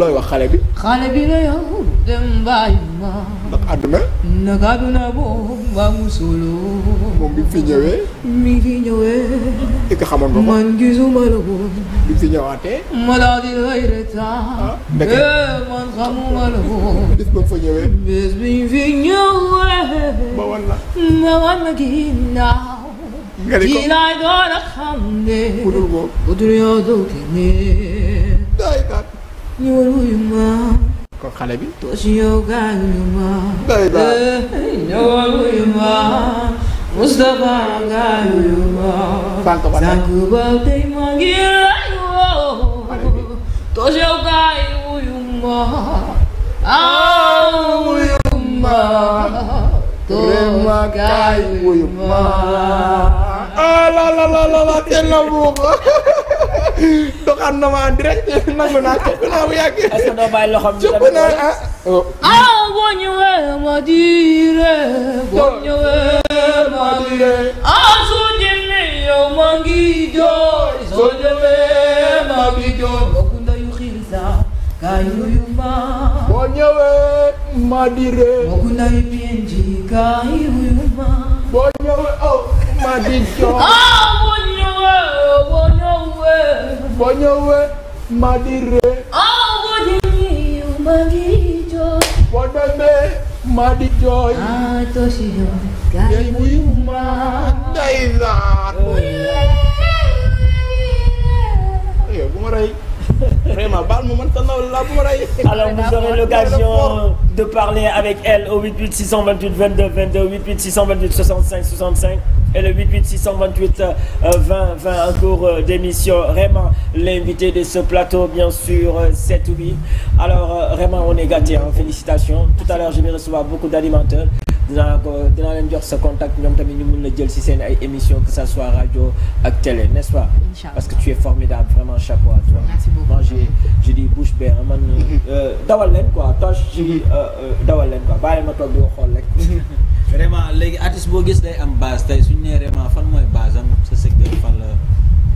[SPEAKER 6] looy bi xale bi na yow dem ma. ndax
[SPEAKER 4] àdduna. nag àdduna mu solo. moom bi fi ñëwee.
[SPEAKER 5] mi fi ñëwee.
[SPEAKER 4] est ce que nga man gisuma la ko. fi ñëwaatee.
[SPEAKER 5] ma daal di lay retaan. Ah,
[SPEAKER 2] eh,
[SPEAKER 4] man xamuma la ko. bis ba fa ñëwee. fi
[SPEAKER 6] ñëwee. ba wan ma wan la ginnaaw. nga ne ko kii laay
[SPEAKER 5] doon a xam ne. budul boobu
[SPEAKER 6] ñëwal wuyu ma.
[SPEAKER 2] ko xale bi. toosi
[SPEAKER 5] yow gaañu ma. day daal eh, ñëwal wuyu ma.
[SPEAKER 2] Moustapha gaañu ma. sànq ba sànq ba tey ma ngi lay
[SPEAKER 5] woo.
[SPEAKER 6] toosi yow gaañu
[SPEAKER 5] wuyu ma. ah wuyu ma.
[SPEAKER 6] Rema
[SPEAKER 5] gaay wuyu ma.
[SPEAKER 2] ah la la la la la coxaan na ma direct nangu naa copp naa bu yàgg. est-ce que doo bàyyi loxoom ñu copp naa ah.
[SPEAKER 5] ah boo ñëwee ma diire.
[SPEAKER 6] boo boo ñëwee boo ñëwee
[SPEAKER 7] ma di ree oh boo di ñëw ma di jooy boo demee ma di jooy ah tosi yo gaay muy ma
[SPEAKER 2] day la yow bu ma rey
[SPEAKER 1] vraiment baal ma man sa ndaw la bu ma rey alors vous aurez l'occasion de parler avec elle au 88 628 22 22 88 628 65 65 et le 88 628 20 20 en cours euh, d'émission Raymond l'invité de ce plateau bien sûr 7 ou 8 alors euh, Raymond on est gâté hein félicitations tout à l'heure je vais recevoir beaucoup d'animateurs dinaa ko leen jox sa contact ñoom tamit ñu mun la jël ci seen ay émissions que ça soit radio ak télé n'est-ce pas. parce que vraiment chapeau à toi. merci beaucoup moi j'ai je dis bouche euh, dawal leen quoi tâche je dis dawal leen quoi bàyyi ma toog di ko xool rek. vraiment léegi artiste boo gis day am base tey suñ nee vraiment fan mooy baasan am sa secteur fan la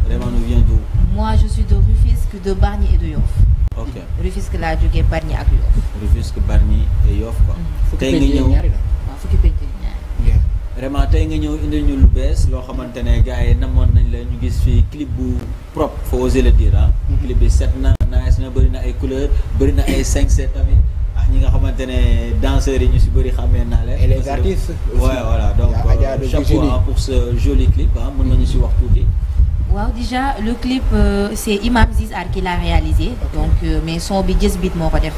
[SPEAKER 1] vraiment nous vient d'où
[SPEAKER 4] moi je suis de Rufisque de Bargny de Yoff. ok Rufisque laa joge Bargny ak Yoff.
[SPEAKER 1] Rufisque Bargny et Yoff
[SPEAKER 4] quoi. Mhm. tey nga ñëw fukki penc ñaari
[SPEAKER 1] vraiment tey nga ñëw indi ñu lu bees loo xamante ne gars yi namoon nañ la ñu gis fii clip bu propre faut oser le dire ah. mu mhm. clip bi set na nice na bëri na ay couleurs bëri na ay 5 set tamit. Ah, ñi nga xamante ne danseurs yi ñu si bëri xamee naa leen. et les artistes. voilà donc euh, chapeau pour ce joli clip ah mën nañu si wax tuuti.
[SPEAKER 4] waaw déjà le clip euh, c'est Imam Zizar qui l'a réalisé donc euh, mais son bi jës bit moo ko def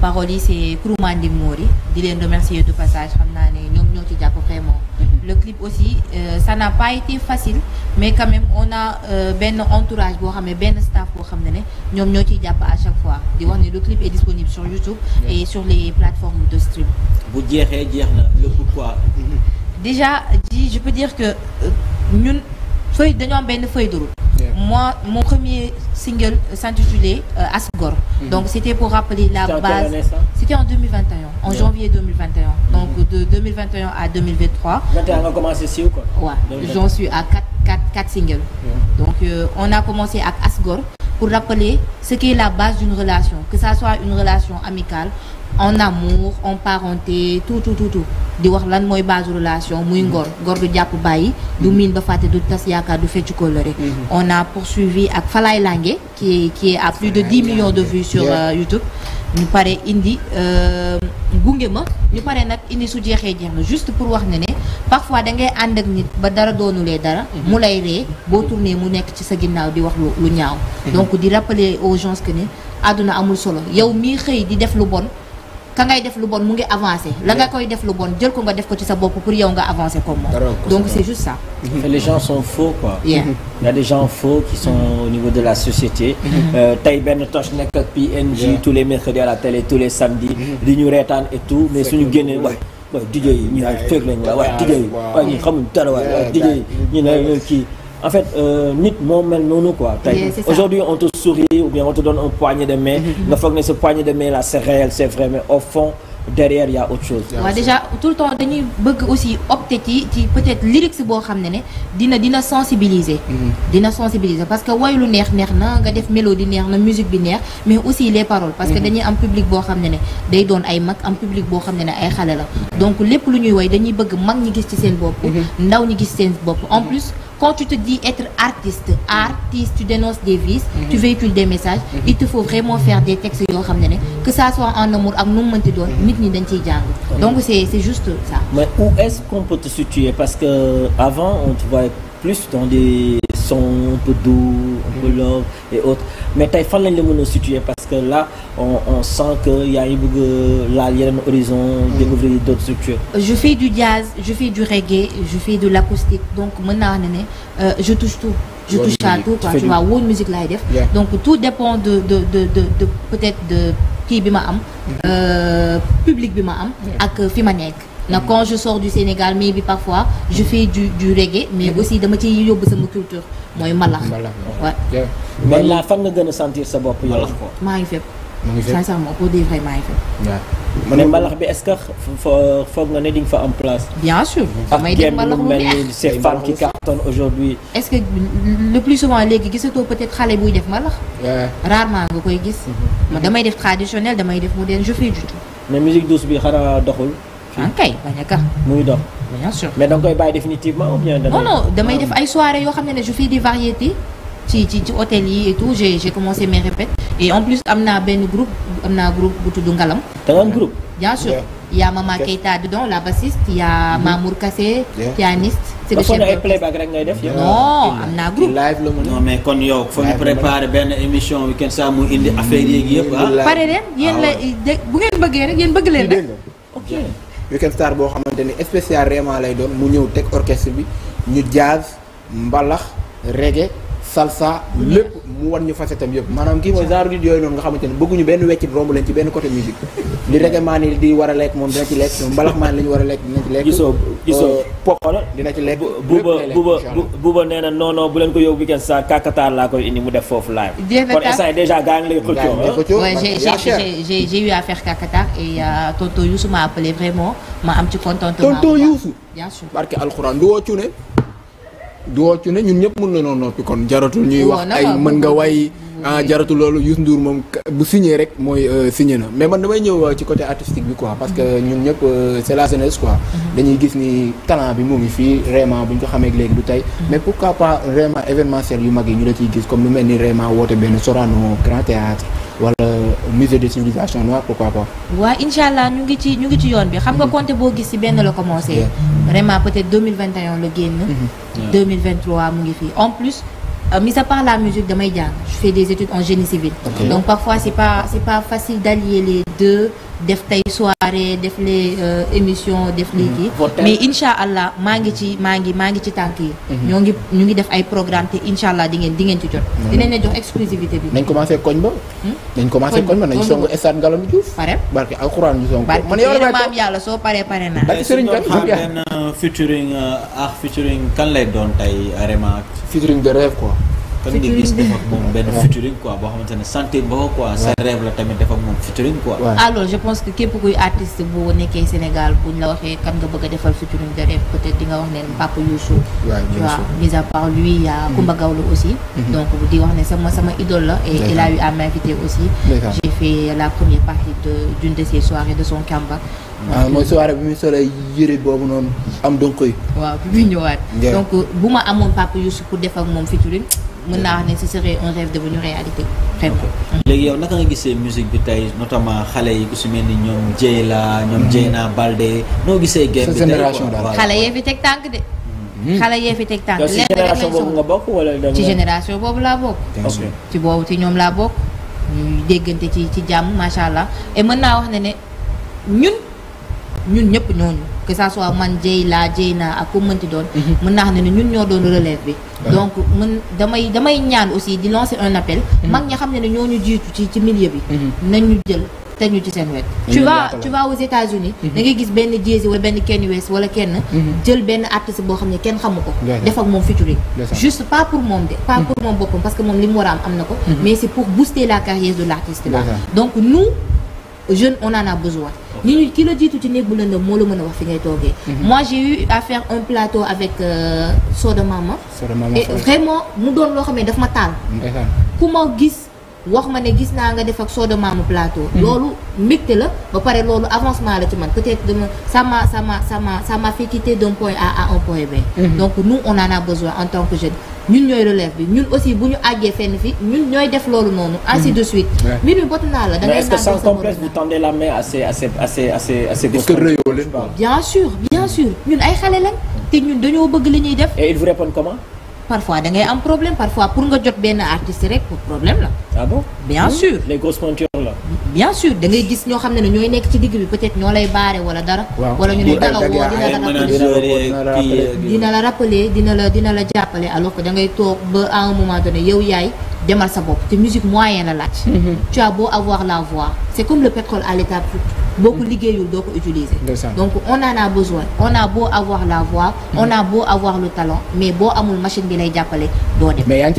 [SPEAKER 4] paroles yi c'est Kouroumandi Mouri di leen remercier de passage xam naa ne ñoom ñoo ci jàpp vraiment mhm. le clip aussi euh, ça n'a pas été facile mais quand même on a euh, benn entourage boo xam ne benn staff boo xam ne ne ñoom ñoo ciy jàpp à chaque fois di wax ne le clip est disponible sur YouTube et sur les plateformes de stream
[SPEAKER 1] bu jeexee jeex na le pourquoi
[SPEAKER 4] déjà je peux dire que ñun feuille dañoo am benn feuille de route. moi mon premier single euh, s'intitulait euh, Asgor. Mm -hmm. donc c'était pour rappeler la base c'était en 2021 en janvier mm-hmm. donc de à j'en suis à 4 singles donc euh, on a commencé avec Asgor pour rappeler ce qu'est la base d'une relation que ça soit une relation amicale en amour en parenté tout tout tout tout di wax lan mooy base relation muy mm-hmm. ngor ngor du jàpp bàyyi du mm-hmm. miin ba fàtte du tas yaakaar du fecc rek mm-hmm. on a poursuivi ak Falaay Lange qui est a est plus de 10 millions de vues sur euh, YouTube ñu pare indi euh, gunge ma ñu pare nag indi su jeexee jeex na juste pour wax ne ne parfois da ngay ànd ak nit ba dara doonulee dara mu lay ree boo tourné mu nekk ci sa ginnaaw di wax lu ñaaw donc di rappeler aux gens que ne àdduna amul solo yow mii xëy di def lu bon ka ngay def lu bon mu ngi avancé la nga koy def lu bon jël ko nga def ko ci sa bopp pour yow nga avancé comme moom donc c'est juste ça
[SPEAKER 1] et mm-hmm. gens sont faux quoi mm-hmm. y a des gens faux qui sont au niveau de la société mm-hmm. euh, tey benn toch nekk ak PNJ tous les mercredis à la télé tous les samedis di ñu reetaan et tout mais suñu génnee wax waaye DJ yi ñu naan fekk nañu waaye DJ yi ñu xamuñ dara waaye en fait euh, nit moo mel noonu quoi tey aujourd'hui on te sourit ou bien on te donne un poignet de main mm-hmm. nga foog ne ce poignet de main là c'est réel c'est vrai au fond derrière y autre chose. waaw déjà
[SPEAKER 4] tout le temps dañuy bëgg aussi opter ci ci peut-être lyrics boo xam ne ne dina dina sensibiliser. Mm-hmm. dina sensibiliser parce que woy lu neex neex na nga def melo di neex na musique bi neex mais aussi les paroles. parce que mm-hmm. dañuy am public boo xam ne ne day doon ay mag am public boo xam ne ne ay xale la donc lépp lu ñuy woy dañuy bëgg mag ñi gis ci seen bopp. ndaw ñi gis seen bopp en quand tu te dis être artiste artiste tu dénonces des vices mhm. tu véhicules des messages mhm. il te faut vraiment faire des textes yoo xam ne ne que ça soit en amour ak nu mu mënti doon mhm. nit ñi dañ ciy jàng donc c'est c'est juste ça
[SPEAKER 1] mais où est-ce qu'on peut te situer parce que avant on te voyait plus dans de son un peu doux peu mm-hmm. love et autres mais tey fan lañ la mën a situer parce que là on on sent que yaa ngi bëgg laal yeneen horizon mm-hmm. découvrir d'autres structures
[SPEAKER 4] je fais du jazz je fais du reggae je fais de l'acoustique donc mën naa ne ne euh, je touche tout je touche à tout quoi tu vois world music laay def donc tout dépend de de de de de peut-être de kii bi ma am mm-hmm. euh, public bi ma am ak fi ma nekk na quand je sors du Sénégal mais bi parfois je fais du du reggae mais mhm. aussi dama ci yóbbu sama culture mooy mbalax. mbalax waaw
[SPEAKER 1] mais là fan nga gën a sentir sa bopp yow. maa ngi fépp. maa ngi fépp sincèrement
[SPEAKER 4] pour dire vrai maa ngi
[SPEAKER 1] fépp. mu ne mbalax bi est-ce que foog nga ne di nga fa am place. bien sûr ah, damay def mbalax mu neex ak ces femmes qui cartonnent aujourd'hui
[SPEAKER 4] est-ce que le plus souvent léegi gisatoo peut-être xale buy def mbalax. rarement nga koy gis. Mhm. damay def traditionnel damay def moderne je fais du tout.
[SPEAKER 1] mais musique doxul. kay bañ a gàmm. muy dox bien sûr. mais da nga koy bàyyi définitivement ou damay def ay
[SPEAKER 4] soirées yoo xam ne ne je fais des variétés ci ci ci hôtel yi et tout j'ai j'ai commencé mes répètes et en plus am na benn groupe am na group bu tudd Ngalam. da nga am groupe. bien sûr il y a Mama Keita dedans la bassiste il y a mm-hmm. Mamour Kassé pianiste. c'est le chef de playback non am naa groupe non
[SPEAKER 1] mais kon yow foog ñu préparer benn émission week-end saa mu indi affaire yeeg yëpp
[SPEAKER 2] ah. ah
[SPEAKER 4] bëggee rek yéen bëgg leen
[SPEAKER 2] Weekend Star boo xamante ni spécial vraiment lay doon mu ñëw teg orchestre bi ñu jazz mbalax reggae salsa lépp mu wan ñu facette am yëpp maanaam kii mooy genre nit yooyu noonu nga xamante ne bëgguñu benn weccit romb leen ci benn côté musique li reggae yi di war a lekk moom dina ci lekk mbalax man li ñu war a lekk dina ci lekk gisoo gisoo oh, pop dina ci lekk buuba buuba
[SPEAKER 1] buuba nee na bu leen ko yóbbu weekend sa kakatar laa koy indi mu def foofu live kon instant déjà gaa ngi lay xëccoo
[SPEAKER 4] j'ai euh, tonton Youssou m'a appelé vraiment ma am ci contentement tonton Youssou
[SPEAKER 2] bien sûr barke du woo cuune du wocc ne ñun ñëpp mën na noo noppi kon jaratul ñuy wax oh, ay mën nga way ah loolu Youssou Ndour moom bu signé rek mooy euh, signé na mais man damay ñëw euh, ci côté artistique bi quoi parce que ñun ñëpp euh, c'est la jeunesse mm-hmm. dañuy gis ni talent bi mu ngi fii vraiment bu ñu ko xamee léegi du tey mm-hmm. mais pourquoi pas vraiment événementiel yu mag yi ñu la ciy gis comme lu mel ni vraiment woote benn Sorano Grand Théâtre wala au musée des civilisations noires pourquoi pas.
[SPEAKER 4] waaw incha allah ñu ngi ci ñu ngi ci yoon bi xam nga mhm. compté boo gis si benn la commencé. vraiment peut-être 2021 la génn. Mhm. mu ngi fii en plus. Euh, mis à part la musique damay jàng je des études en génie civil. donc parfois c'est pas c'est pas facile d'allier les deux. def tey soirée def les euh, émission def les mhm. kii mais incha allah maa ngi ci maa ngi maa ngi ci tànk yi mhm. ñoo ngi ñu ngi def ay programme te incha allah di ngeen di ngeen ci jot mhm. dinañ la jox exclusivité bi nañ
[SPEAKER 2] commencé koñ ba hmm? nañ commencé koñ ba nañ song stade
[SPEAKER 4] Ngalandou Diouf pare
[SPEAKER 2] barke alxuraan ñu song man yow la
[SPEAKER 4] yàlla soo paree pare naa barke sëriñ kan
[SPEAKER 1] euh, featuring euh, ah featuring kan
[SPEAKER 2] lay doon tey vraiment featuring de rêve quoi kan nga gis def ak boo xamante
[SPEAKER 1] ne sentir nga ko quoi. sa rêve tamit def ak moom featuring quoi.
[SPEAKER 4] alors je pense que képp kuy artiste bu nekkee Sénégal buñ la waxee kan nga bëgg a defal featuring de rêve peut di nga wax ne Papa Youssou.
[SPEAKER 1] waaw
[SPEAKER 8] tu vois
[SPEAKER 4] à part lui y a Kumba mm-hmm. Gawlo aussi. Mm-hmm. donc di wax ne sama sama idole la. et il a eu à m'inviter aussi. j'ai fait la première partie de d'une de ses soirées de son kamba. ah mooy soirée
[SPEAKER 2] bi muy solee yëre boobu noonu am donc koy.
[SPEAKER 4] waaw bi muy ñëwaat. donc ma amoon Papa Youssou pour def ak moom mën naa wax ne ce serait un rêve devenu réalité
[SPEAKER 1] vraiment léegi yow naka nga gisee musique bi tey notamment xale yi ku si mel ni ñoom Dieyla ñoom mm-hmm. naa Baldé noo gisee game bi tey xale
[SPEAKER 4] yee fi teg tànk de
[SPEAKER 1] mm-hmm. xale
[SPEAKER 4] yee fi teg tànk ci génération boobu
[SPEAKER 1] bokk wala ci génération
[SPEAKER 4] boobu laa bokk ci boobu ci ñoom laa bokk ñuy déggante ci ci jàmm macha allah et mën naa wax na ne ñun ñun ñëpp ñooñu que ça soit man jëy laa jëy naa ak ku mënti doon mhm. mën naa xam ne ñun ñoo doon relève bi donc mën damay damay ñaan aussi di lancer un appel mhm. mag ña xam ne ne ñoo ñu jiitu ci ci milieu bi mhm. nañ ñu jël te ñu ci seen wet tu vas tu États-Unis da gis benn Jay-Z wala benn Kanye West wala kenn jël benn artiste boo xam ne kenn xamu ko def ak moom featuring juste pas pour moom de pas pour moom boppam parce que moom li mu am na ko mais c'est pour booster jeune on en a besoin ñu ñu ki la jiitu ci néeg bu lëndëm moo la mën a wax fi ngay toogee mhm. moi j'ai eu à faire un plateau avec euh, Soda Mama
[SPEAKER 2] et vraiment
[SPEAKER 4] mu doon loo xam ne daf ma taal ku ma gis wax ma ne gis naa nga def ak soo de maamu plateau. Mm-hmm. loolu mbégte la ba pare loolu avancement la ci man peut dama ça m'a ça m'a ça m'a A à un point B. Mm-hmm. donc nous on en a besoin en tant que jeune ñun ñooy relève bi ñun aussi bu ñu àggee fenn fi ñun ñooy def loolu noonu. Mm-hmm. ainsi de suite. mbir mi bottu la da ngay est-ce que sans
[SPEAKER 1] complexe vous tendez
[SPEAKER 4] bien sûr bien sûr ñun ay xale lañ te ñun dañoo bëgg li ñuy def. et ils parfois da ngay am problème parfois pour nga jot benn artiste rek pour problème la. ah bon bien sûr bien sûr da ngay gis ñoo xam ne ne ñooy nekk ci digg bi peut-être ñoo lay baare wala dara. wala ñu ne dala dina la dina dina la dina la jàppale alors que da ngay toog ba à un moment yow yaay demal sa bopp te musique moyen la laaj. Mm-hmm. tu as beau avoir la voix c'est comme le pétrole à l'état brut boo ko liggéeyul doo ko utiliser. donc on en a besoin on a beau avoir la voix. on mm-hmm. a beau avoir le talent mais boo amul machine bi lay jàppale doo dem. mais yaa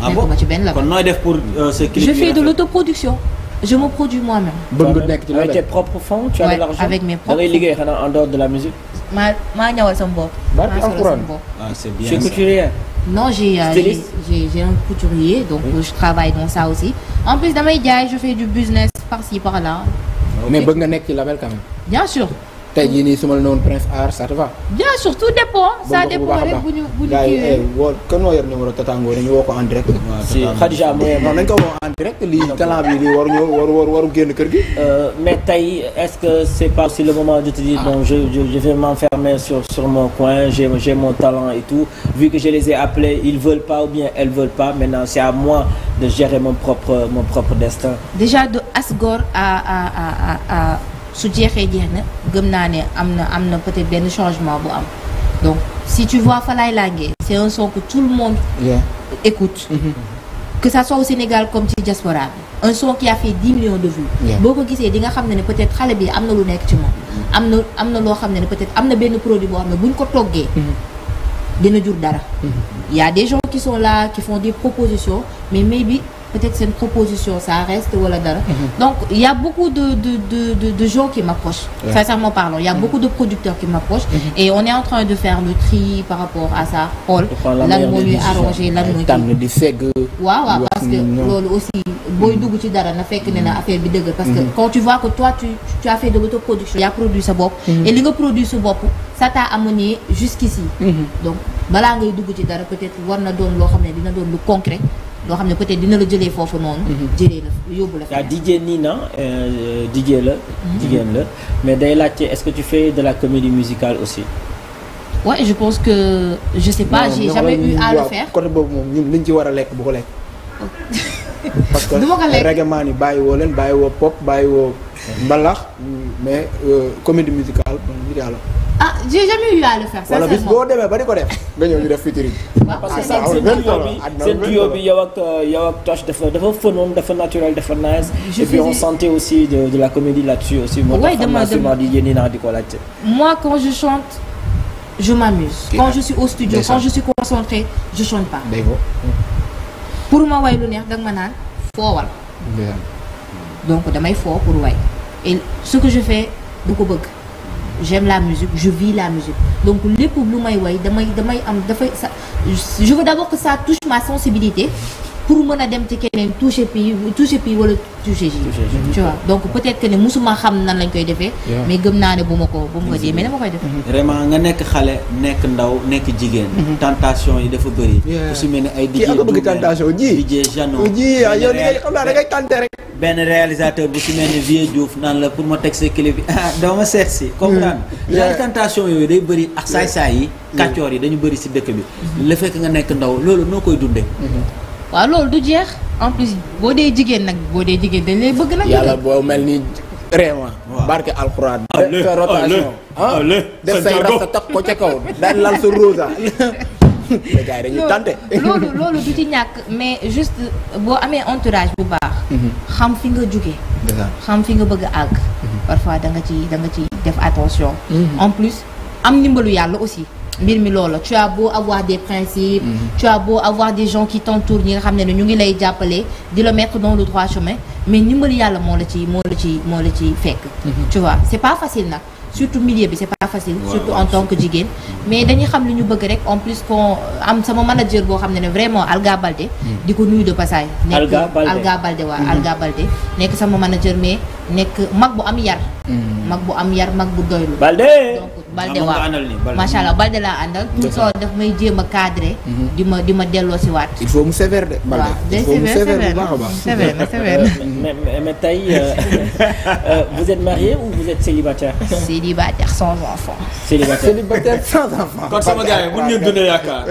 [SPEAKER 4] nekkuma ci
[SPEAKER 1] benn label kon nooy def pour euh, ce clip je fais de
[SPEAKER 4] l'autoproduction je me produis moi-même. bëgg nga
[SPEAKER 1] nekk ci label avec tes propres fonds. avec mes propres da en dehors de la musique.
[SPEAKER 4] maa maa ñawal sama bopp. maa solal sama bopp
[SPEAKER 1] ah c'est bien ça je
[SPEAKER 4] non euh, j'ai un couturier donc je travaille dans ça aussi en plus damay jaay je fais du business par-ci par-là. mais bëgg
[SPEAKER 2] nekk ci label quand même. bien sûr. tey jii nii su ma la newoon prince aar ça te va.
[SPEAKER 4] bien sûr tout
[SPEAKER 5] dépend.
[SPEAKER 2] ça dépend rek bu ñu bu ñu kiiwee woo kan moo yor numéro si Khadija mooy.
[SPEAKER 1] en direct lii euh, mais tey est-ce que c'est pas aussi le moment de te dire ah. je vais m'enfermer sur mon coin j'ai mon talent et tout vu que je les ai appelés ils veulent pas ou bien elles veulent pas maintenant c'est à moi de gérer mon propre destin.
[SPEAKER 4] déjà de Asgore à à à à. à... su jeexee jeex na gëm naa ne am na am benn changement bu am donc si tu vois Falaye Langué c'est un son tout le monde yeah. écoute mm -hmm. que ça soit Sénégal comme ci diaspora bi un son qui a fait dix millions de vues boo ko gisee di nga xam ne ne peut-être xale bi am na lu nekk ci moom mm-hmm. am na am loo xam ne ne peut-être am na benn produit boo xam ne buñ ko toggee mm-hmm. dina jur dara mm-hmm. y a des gens qui sont là qui font des propositions mais maybe peut-être seen proposition ça reste wala dara. Mhm. donc il y beaucoup de de de de, de gens qui m'approchent. Ouais. sincèrement parlant il y a mhm. beaucoup de producteurs qui m'approchent. Mhm. on est en train de faire le tri par rapport à ça xool. lan moo ñuy arrangé lan moo tànn di segg. waaw waaw parce que loolu aussi booy dugg ci dara na fekk ne na affaire bi dëgg. parce que quand tu vois que toi tu as fait de l'autoproduction. yaa produit sa bopp. et li nga produit sa bopp ça t'a amené jusqu'ici. donc balaa ngay dugg ci dara peut war na doon loo xam ne dina doon lu concret. loo xam ne côté être dina la jëlee foofu noonu. Mhm. jëlee la
[SPEAKER 1] yóbbu la fa. waaw DJ Nina euh, DJ la. Mhm. jigéen la mais day laajte est-ce que tu fais de la comédie musicale aussi. waaye
[SPEAKER 4] ouais, je pense que je sais pas jamais eu à le faire
[SPEAKER 1] côté boobu moom ñun liñ ci war a lekk bu ko lekk.
[SPEAKER 2] parce que règlement yi bàyyi woo leen bàyyi woo pop bàyyi woo mbalax mais euh, comédie musicale moom yàlla.
[SPEAKER 4] ah j'ai jamais eu à le faire. wala bis boo
[SPEAKER 2] demee ba di ko
[SPEAKER 1] def nga ñëw ñu def featuring.
[SPEAKER 4] Ah, parce que sax ah,
[SPEAKER 2] seen duo ah,
[SPEAKER 1] bi yow ak euh, yow ak Toch dafa dafa fënoon dafa naturel dafa nice. je et puis on sentait aussi de de la comédie là-dessus aussi. moo tax xam naa souvent di yéene naa di ko laajte.
[SPEAKER 4] moi quand je chante je m'amuse quand je suis au studio quand je suis concentrée je chante pas. pour ma way lu neex danga ma naan foowal. donc damay foo pour way et ce que je fais du ko bëgg. j'aime la musique je vis la musique donc lépp lu may woy damay damay am dafay ça je veux d'abord que ça touche ma sensibilité pour mën a dem ci keneen touché pi touché pi wala touché ji tu vois donc peut-être que ne musuma xam nan lañ koy defee mais gëm naa ne bu ma ko bu ma ko mais dama koy defee mm-hmm.
[SPEAKER 1] vraiment nga nekk xale nekk ndaw nekk jigéen mm-hmm. tentation yi dafa bëri ku si mel ay DJ bëgg tentation ji DJ Jano ji ah, yow li ngay xam naa da ngay benn réalisateur bu si mel ni Vieux Diouf la pour ma teg sa clip bi ah, ma seet si comme daan yaay yooyu day bëri ak saay-saay yi mm. kàccoor yi dañu bëri si dëkk bi la fekk nga nekk ndaw loolu noo koy dundee
[SPEAKER 4] mm-hmm. waaw loolu du jeex en plus boo dee jigéen nag boo dee jigéen dañ lay bëgg nag. yàlla
[SPEAKER 2] boo mel ni vraiment. barke alxuraan. def sa rotation ah def say rasta takk ko ca kaw daan lal sa rosa. mais gars yi dañuy tante. loolu
[SPEAKER 4] loolu du ci ñàkk mais juste boo amee entourage bu baax. Mhm. xam fi nga jóge xam fi nga bëgg a àgg. Mhm. parfois da nga ci da nga ci def attention. Mhm. en plus am ndimbalu yàlla aussi. mbir mi loolu tu as beau avoir des principes. Mm-hmm. tu as beau avoir des gens qui t'entourent ñi nga xam ne ñu ngi lay jàppale di la mettre dans le droit chemin mais ndimbal yàlla moo la ci moo la ci moo la ci fekk. Mm-hmm. tu vois c'est pas facile nag surtout milieu bi c'est pas facile. surtout en tant que jigéen. mais dañuy xam li ñu bëgg rek en plus qu'on am sama manager boo xam ne ne vraiment Alga Balde. Mm-hmm. di ko nuyu de passage. Alga Balde nekk Alga Balde waaw Alga Balde nekk sama manager mais nekk mag bu am yar. mag bu am yar mag bu doylu. Balde waaw macha allah Balde laa àndal. Mm-hmm. may jéem a cadré. Mm-hmm. di ma di si waat. il faut mu sévère de. Balde il faut mu sévère bu
[SPEAKER 1] euh, mais mais euh, euh, vous êtes marié
[SPEAKER 4] ou vous êtes célibataire. célibataire sans enfant. célibataire célibataire sans enfant. kon sama gars yi mën ngeen dundee
[SPEAKER 1] yaakaar.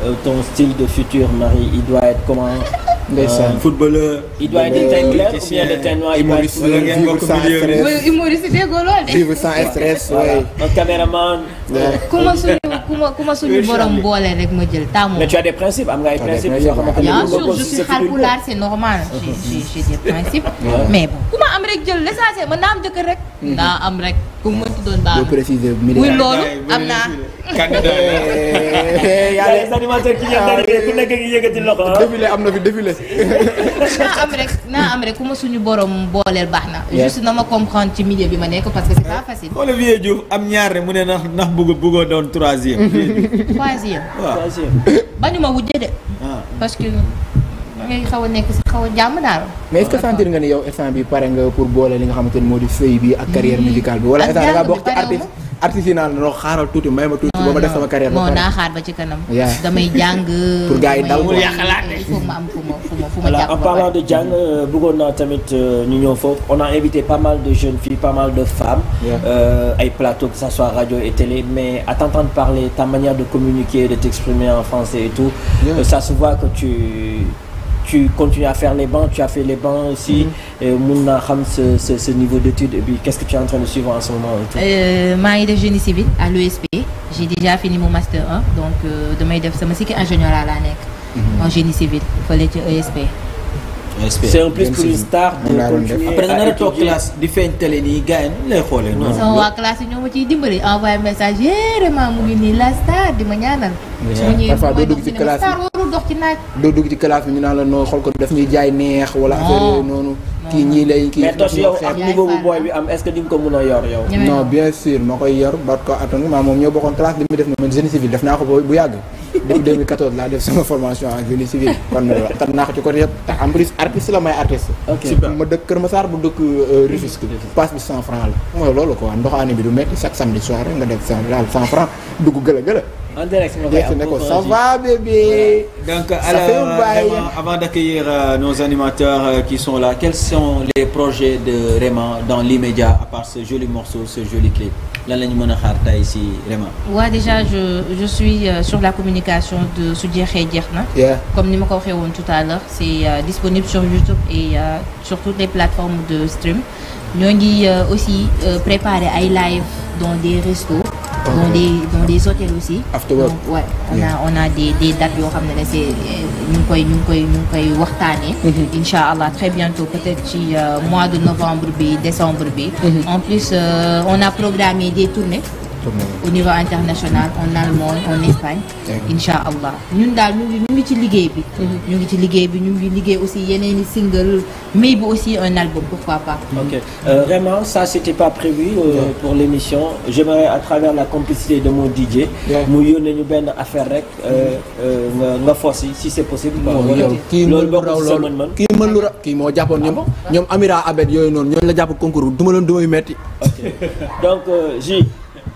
[SPEAKER 1] Euh, ton style de futur mari il doit être comment. Euh, ndeysaan footballeur. il doit être de euh, teint clair ou bien sans stress waaye. un caméraman.
[SPEAKER 4] rek ma jël taamu. mais tu
[SPEAKER 1] as des principes am nga
[SPEAKER 2] ay ah, principes yoo xamante ne bien sûr
[SPEAKER 4] c'est normal. j'ai j'ai des principes. mais bon am rek jël l'essentiel mën naa am jëkkër rek. ndaa mm-hmm. am rek. bu mënti doon baax. boo
[SPEAKER 2] préciser miliyaari oui loolu am naa. candidat eh, yi yàlla les animateurs ki ngeen ku nekk
[SPEAKER 1] ngi yëkkati am na fi défilé.
[SPEAKER 4] naa am rek naa am rek ku ma suñu borom booleel baax na. juste na ma comprendre ci milieu bi ma nekk parce que c'est pas eh, facile.
[SPEAKER 1] xoolal Vieux Diouf am ñaar rek mu ne ndax ndax doon troisième. troisième waaw
[SPEAKER 4] ma wujje de. Ah. parce que. ngay xaw a
[SPEAKER 2] mais que sentir nga ni yow instant bi nga pour boole li nga xamante ni moo di sëy bi ak mm-hmm.
[SPEAKER 1] xaaral tuuti may ma tuuti.
[SPEAKER 2] ba ma def sama carrière ba
[SPEAKER 4] kanam. damay jàng. pour gars yi daw il faut ma am fu ma fu ma fu ma jàpp en parlant
[SPEAKER 1] de jàng euh, bëggoon naa tamit euh, ñu ñëw foofu on a invité pas mal de jeune fii pas mal de femmes. Euh, ay plateaux que ça soit radio et télé mais à t'entendre parler ta manière de communiquer de t'exprimer en français et tout. ça se que tu. tu continues à faire les bancs tu as fait les bancs aussi. Mhm. mun naa xam sa sa sa niveau d'étude et puis qu'est-ce que tu es en train de suivre en ce moment.
[SPEAKER 4] Euh, maa ngi def génie civil à l'ESP j'ai déjà fini mon master 1 donc euh, damay def sama cycle ingénieur laa nekk. Mhm. en génie civil fële ci ESP.
[SPEAKER 1] c'est un a toog di feeñ télé nii gars yi lay xoolee noonu sama waa
[SPEAKER 4] classe yi ma ciy dimbali envoyé message eh, vraiment mu ngi nii la star di ma ñaanal parfois doo dugg
[SPEAKER 2] ci classe bi ñu naan la noo xool ko def ñuy jaay neex wala affaire yooyu noonu kii ñii lay kii mais tos yow ak niveau booy bi am est-ce que di nga ko mën a yor yow non bien sûr ma koy yor bat ko attan maa moom ñoo bokkoon classe li muy def na man génie civil def naa ko bu yàgg depuis 2014 laa def sama formation en génie civil kon euh, xam naa ko ci côté yëpp tax am plus artiste la may artiste ma dëkk Kër Massar bu dëkk euh, Rufisque passe bi cent franc la mooy loolu quoi ndoxaani bi du metti chaque samedi soir nga def daal cent franc dugg gëla gëla
[SPEAKER 1] en direct va bébé. donc alors avant d'accueillir euh, nos animateurs qui sont là quels sont les projets de Rema dans l'immédiat à part ce joli morceau ce joli clip lan la ñu mën a xaar tey si Rema.
[SPEAKER 4] waaw déjà je suis euh, sur la communication de su jeexee jeex na. comme ni ma ko waxee woon tout à l'heure c'est euh, disponible sur YouTube et euh, sur toutes les plateformes de stream ñoo ngi aussi préparer ay live dans des restos. dans les dans les hôtels aussi. donc ouais on a on a des des dates yoo xam ne c'est ñu ngi koy ñu ngi koy ñu ngi koy waxtaanee. Mm-hmm. incha allah très bientôt peut-être ci euh, mois de novembre bi décembre bi. Mm-hmm. en plus euh, on a programmé des tournées. au niveau international en Allemagne en Espagne insha allah ñun daal ñu ngi ci liggéey bi mhm. ñu ngi ci liggéey bi ñu ngi liggéey aussi yeneeni single mais bi aussi un album pourquoi pas
[SPEAKER 1] ok euh, vraiment ça c'était pas prévu euh, pour l'émission j'aimerais à travers la complicité de mon DJ mu yónnee ñu benn affaire rek euh, mhm. euh, nga fos yi si c'est possible kii mën lu raw loolu kii mën lu raw kii moo jàppoon ñoom ah, ah. ñoom Amira Abed
[SPEAKER 2] yooyu noonu ñooñu la jàpp concours duma leen dumay metti
[SPEAKER 1] donc euh, J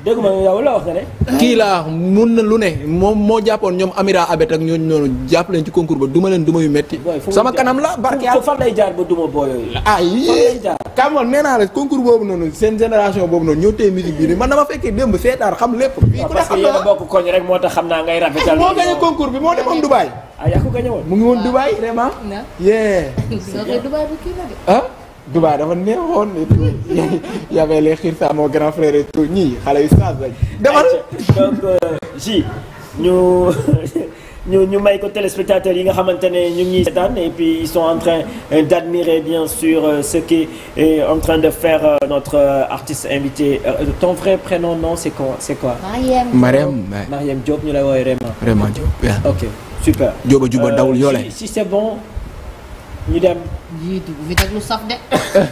[SPEAKER 1] dégg ma yow la wax nga ne. kii
[SPEAKER 2] laa mun na lu ne moom moo jàppoon ñoom Amira Abet ak ñooñu noonu jàpp leen ci concours ba duma leen duma yu metti sama kanam la barke fan
[SPEAKER 1] lay jaar ba duma boo yooyu. ah yii
[SPEAKER 2] kam nee naa la concours boobu noonu seen génération boobu noonu ñoo téye musique bii nii man dama fekkee démb seetaan xam lépp.
[SPEAKER 1] moo xam naa ngay rafetal. Eh, moo gañe
[SPEAKER 2] concours bi moo demoon Dubaay. ah yaa mu ngi woon Dubaay vraiment. yee. Dubaay
[SPEAKER 1] dafa neexoon et tout y avait les Xirsa mon grand frère et tout ñii xale yu saas lañ. Euh, ji ñu ñu ñu may ko téléspectateurs yi nga xamante ne ñu ngi seetaan et puis ils sont en train euh, d'admirer bien sûr euh, ce qui est en train de faire notre artiste invité ton vrai prénom non c'est quoi c'est Mariam Mariam Diop ñu lay woowee Réma.
[SPEAKER 2] Réma Diop
[SPEAKER 1] ok super. a
[SPEAKER 2] juba dawul yoole si
[SPEAKER 1] c'est bon. ñu dem. jiitu bu fi teg de.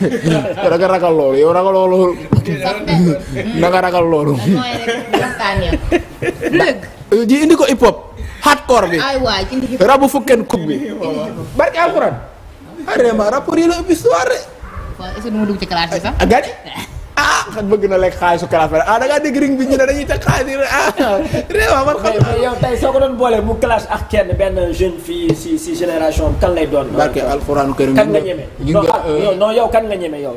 [SPEAKER 2] da nga ragal loolu yow ragal loolu. ragal loolu. ji indi ko hip hop. hardcore bi.
[SPEAKER 4] aywa ci indi rabu
[SPEAKER 2] fukkeen kub bi. barke alxuraan. vraiment rapport yi la ëpp histoire de.
[SPEAKER 4] waaw
[SPEAKER 1] ah bëgg na lekk xaalisu clash ah da ngaa dégg ring bi ñu ne dañuy teg xaalis yi ah réew xam mais yow tey soo boole mu clash ak kenn benn jeune fille si si génération kan lay doon. barke alxuraanu karim kan nga ñeme. Ah, euh, yow kan nga
[SPEAKER 4] ñeme yow.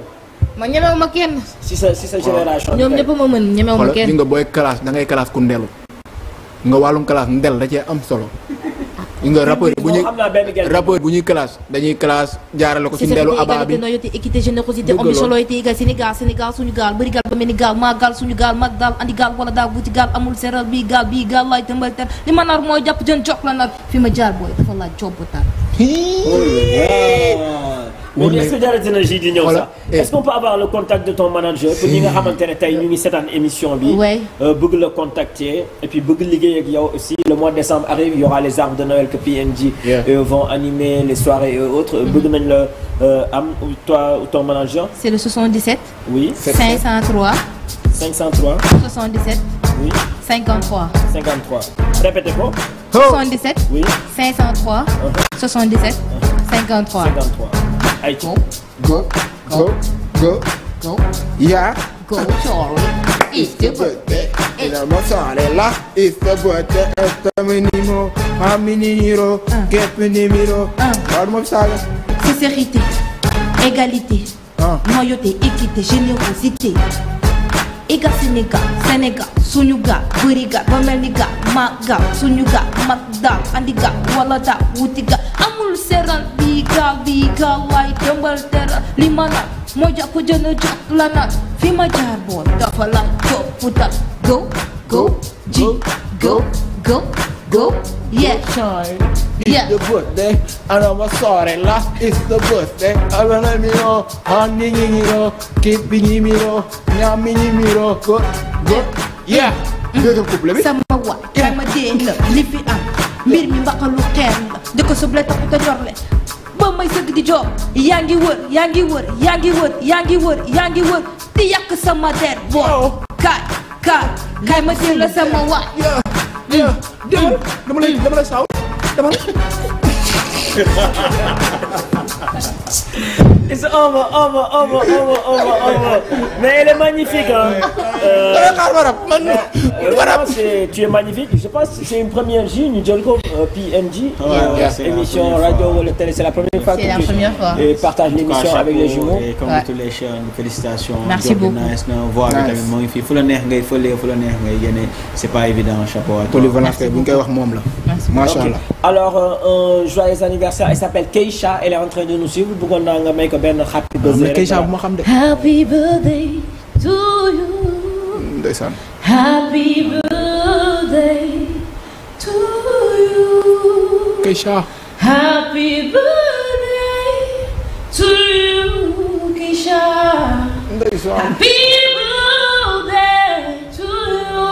[SPEAKER 4] ma ñemewu ma kenn. si sa si sa génération. ñoom ñëpp ma mën ñemewu ma kenn. xoolal nga
[SPEAKER 3] booy
[SPEAKER 2] clash da ngay clash ku ndelu. nga wàllum clash ndel da cee am solo. nga rappeur bu ñuy rappeur bu ñuy classe dañuy classe jaarale ko ci ndelu aba bi
[SPEAKER 4] loyauté équité générosité ambition loyauté ga Sénégal Sénégal suñu gaal bëri gaal ba mel gaal maa gaal suñu gaal mag daal andi gaal wala daal bu gaal amul seeral bii gaal bii gaal laay tëmbal ter li ma nar mooy jàpp jën jox la nar fi ma jaar booy dafa laa jobb tar
[SPEAKER 1] mais est-ce que dara dina ji nga xamante ne tey ñu ngi seetaan émission bi euh, bëgg la contacter et bëgg liggéey ak yow aussi le mois de décembre arrive y aura les arbres de Noël que PNJ euh, mm-hmm. bëgg nañ la euh, am toi ou ton manager
[SPEAKER 4] c'est le 77
[SPEAKER 1] oui 503
[SPEAKER 4] 503 77 oui 53 53 répétez ko 77 oui 503 77
[SPEAKER 1] ay go go go go égalité
[SPEAKER 4] loyauté équité générosité iga sénégal suñu ga bëri ni ga ma ga suñu ga mat da andi ga wala da amul seran gaal bi gaal waay li ma laaj moo jàpp jënd jot la naan fi ma jaar booy dafa laaj topp go go ji go go go yeah. yeah.
[SPEAKER 2] the birthday, and I'm sorry, last is the birthday. I will let me know, honey, you know, keep me, me know, yummy, me know, go, go, yeah.
[SPEAKER 4] Deuxième couple bi. sama waa sama la li fi am mbir mi mbaxalu xeer la di ko suble taxu ko jorle may sëgg di jox yaa ngi wër yaa ngi wër yaa ngi wër yaa ngi wër yaa ngi wër di yàq sama der boo oh. kaay kaay kaay ma jël la sama waay mm. mm. dama lay dama lay saaw dama
[SPEAKER 2] It's
[SPEAKER 1] over, over, over, over, over, over. Mais elle est magnifique, hein. Euh, euh, euh vraiment, c'est, tu es magnifique. Je pense que c'est une première J, ñu jël ko PNJ. Euh, euh émission radio wala télé, c'est la première fois que tu et partage l'émission avec les jumeaux. Et congratulations, félicitations. Merci beaucoup. Nice na voir tamit moo ngi fii fu la neex ngay fële, fu la neex ngay génne. C'est pas évident, chapeau à toi. Polyvalence bu ñu koy wax moom la. Machallah. Alors, un joyeux anniversaire anniversaire elle s'appelle Keisha elle est en train de nous suivre bëggoon naa nga may ko benn happy birthday Keisha bu ma
[SPEAKER 2] xam de. happy birthday to you. ndeysaan.
[SPEAKER 6] happy birthday to you. Keisha. happy birthday to you Keisha.
[SPEAKER 2] ndeysaan. happy
[SPEAKER 6] birthday to you.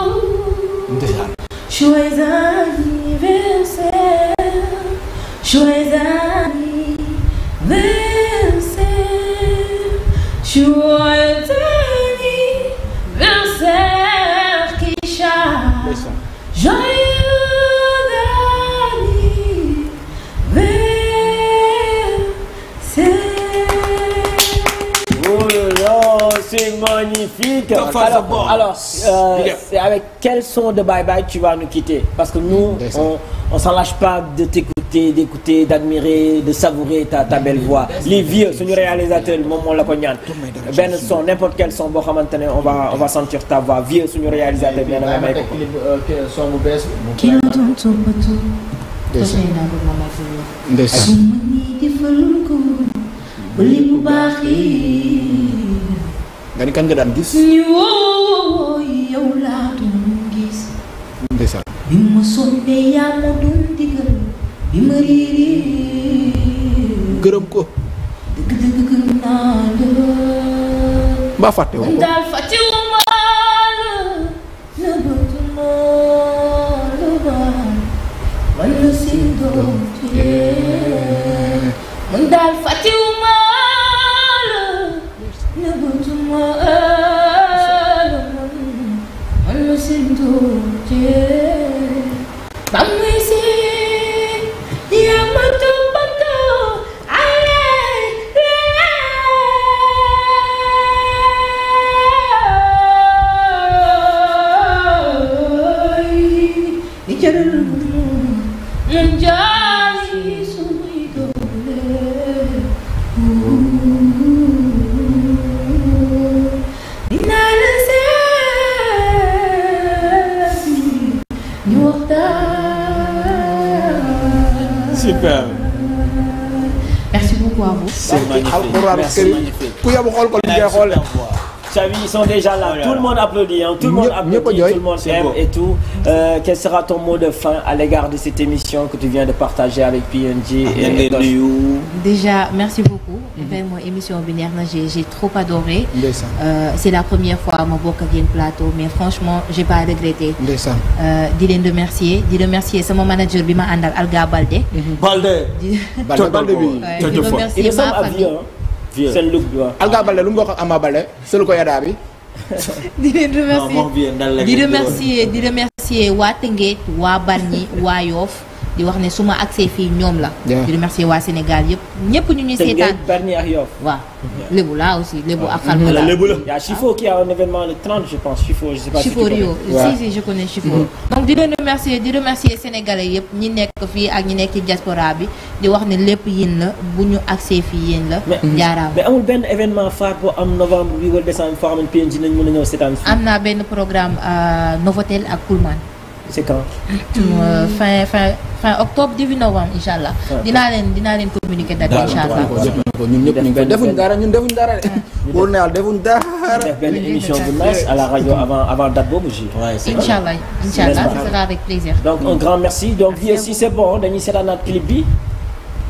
[SPEAKER 6] ndeysaan. joyeux anniversaire. Joyeux année versaire, joyeux anniversaire Kisha. Joyeux anniversaire.
[SPEAKER 1] Oh là là, c'est magnifique. Alors, alors euh, c'est avec quel son de Bye Bye tu vas nous quitter? Parce que nous, on, on s'en lâche pas de t'écouter. d'écouter d'écouter d'admirer de savourer ta ta belle voix les vieux suñu réalisateur bi moom moo la ko ñaan benn son n'importe quel son boo xamante ne on va on va sentir ta voix vieux suñu réalisateur bi nee na ma may ko
[SPEAKER 2] nga ni kan nga daan gis.
[SPEAKER 6] yow laa doon gis.
[SPEAKER 2] ndeysaan. bi ma sonnee
[SPEAKER 6] yaa ma doon dig
[SPEAKER 2] gërëm ko. mbaa fàtte woo ko.
[SPEAKER 6] man daal fàttiwu
[SPEAKER 1] alxuraan karim ku yabu xool ko li ngay xool Xavi, ils sont déjà là. Tout le monde applaudit, hein. Tout le monde applaudit, tout le monde aime et tout. Euh, quel sera ton mot de fin à l'égard de cette émission que tu viens de partager avec PNJ et Doche?
[SPEAKER 4] Déjà, merci beaucoup. affaire mooy émission bi neex na j'ai trop adoré. Euh, c'est la première fois ma bokk ak yéen plateau mais franchement j'ai pas regretté. Euh, di leen remercier di remercier sama manager bi ma àndal Alga Balde. Mhm. Balde. bi di remercier ma famille. seen look bi waaw Alga
[SPEAKER 1] Balde
[SPEAKER 2] lu mu bokk ak Ama Balde selu ko yadaa bi.
[SPEAKER 4] di leen remercier
[SPEAKER 2] di remercier
[SPEAKER 4] di remercier waa Yoff. di wax ne su ma accès fii ñoom la. di remercier waa Sénégal yëpp ñëpp ñu ñuy seetaan
[SPEAKER 1] te ak yow. waaw lébu laa aussi lébu ak. xarala la lébu la. yaa ah. Chifo a un événement le 30 je pense Chifo Rio si si
[SPEAKER 4] je connais Chifo. Mm-hmm. donc di leen di remercier sénégalais yëpp ñi nekk fii ak ñi nekk ci diaspora bi di wax ne lépp yéen la bu ñu accès fii yéen la. Mm-hmm. jaaraama mais amul benn événement phare
[SPEAKER 1] boo am novembre bi wala décembre foo xamante a ñëw seetaan. am
[SPEAKER 4] naa benn programme euh, Novotel ak Pullman. c'est quand. Mm-hmm. Euh, fin fin octobre début novembre incha allah. dinaa leen dinaa leen communiquer date defuñ dara ñun defuñ dara
[SPEAKER 1] defuñ dara. def benn émission bu nice à la radio avant avant boobu ji. waaye c' est
[SPEAKER 4] incha allah avec plaisir. donc un grand
[SPEAKER 1] merci donc yéen si c' bon dañuy seetaanaat clip bi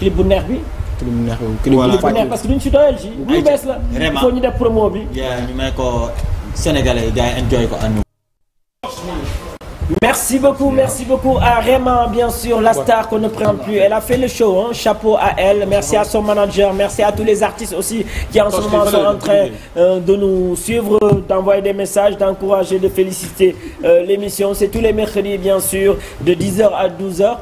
[SPEAKER 1] clip bi. clip bu neex bi voilà clip bu neex parce que duñ si doyal ji. lu la. vraiment ñu def promo bi. ñu may ko sénégalais yi enjoy ko à Merci beaucoup, merci beaucoup à Raymond, bien sûr, la star qu'on ne présente plus. Elle a le show, hein. Chapeau Merci à les artistes aussi qui en ce moment sont en train euh, de nous suivre, d'envoyer des messages, de féliciter euh, l'émission. C'est tous les mercredis, bien sûr, de 10 à 12h.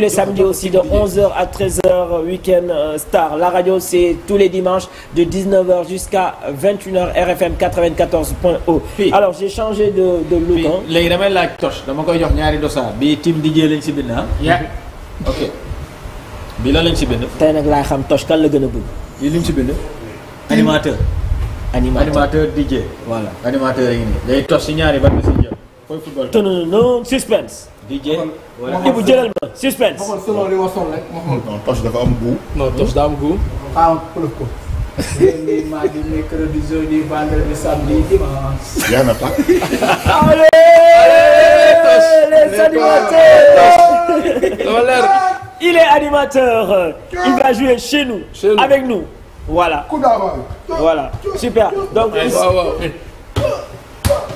[SPEAKER 1] les samedis aussi, de 11h à 13h, euh, Week-end euh, Star. La radio, c'est tous les dimanches, de 19h jusqu'à 21h, RFM 94.0. Alors, j'ai changé de, de look. Hein. Toch dama koy jox ñaari dosan bi tim di jee lañ si bind ah. lañ si bind. tey nag laa xam Toch la gën a bëgg. lii bind. animateur. animateur animateur DJ. animateur yi nii. si ñaari ban la siy jël. fooy football tënnu non suspense. jëlal ma suspense. ma xool
[SPEAKER 2] selon
[SPEAKER 9] am goût. non
[SPEAKER 2] Toch am goût. Ah, lundi, mardi, mercredi, jeudi, vendredi, samedi, dimanche. yaa na tax.
[SPEAKER 1] allez les animateurs. il est animateur. il va jouer chez nous. chez nous avec nous voilà. voilà super donc.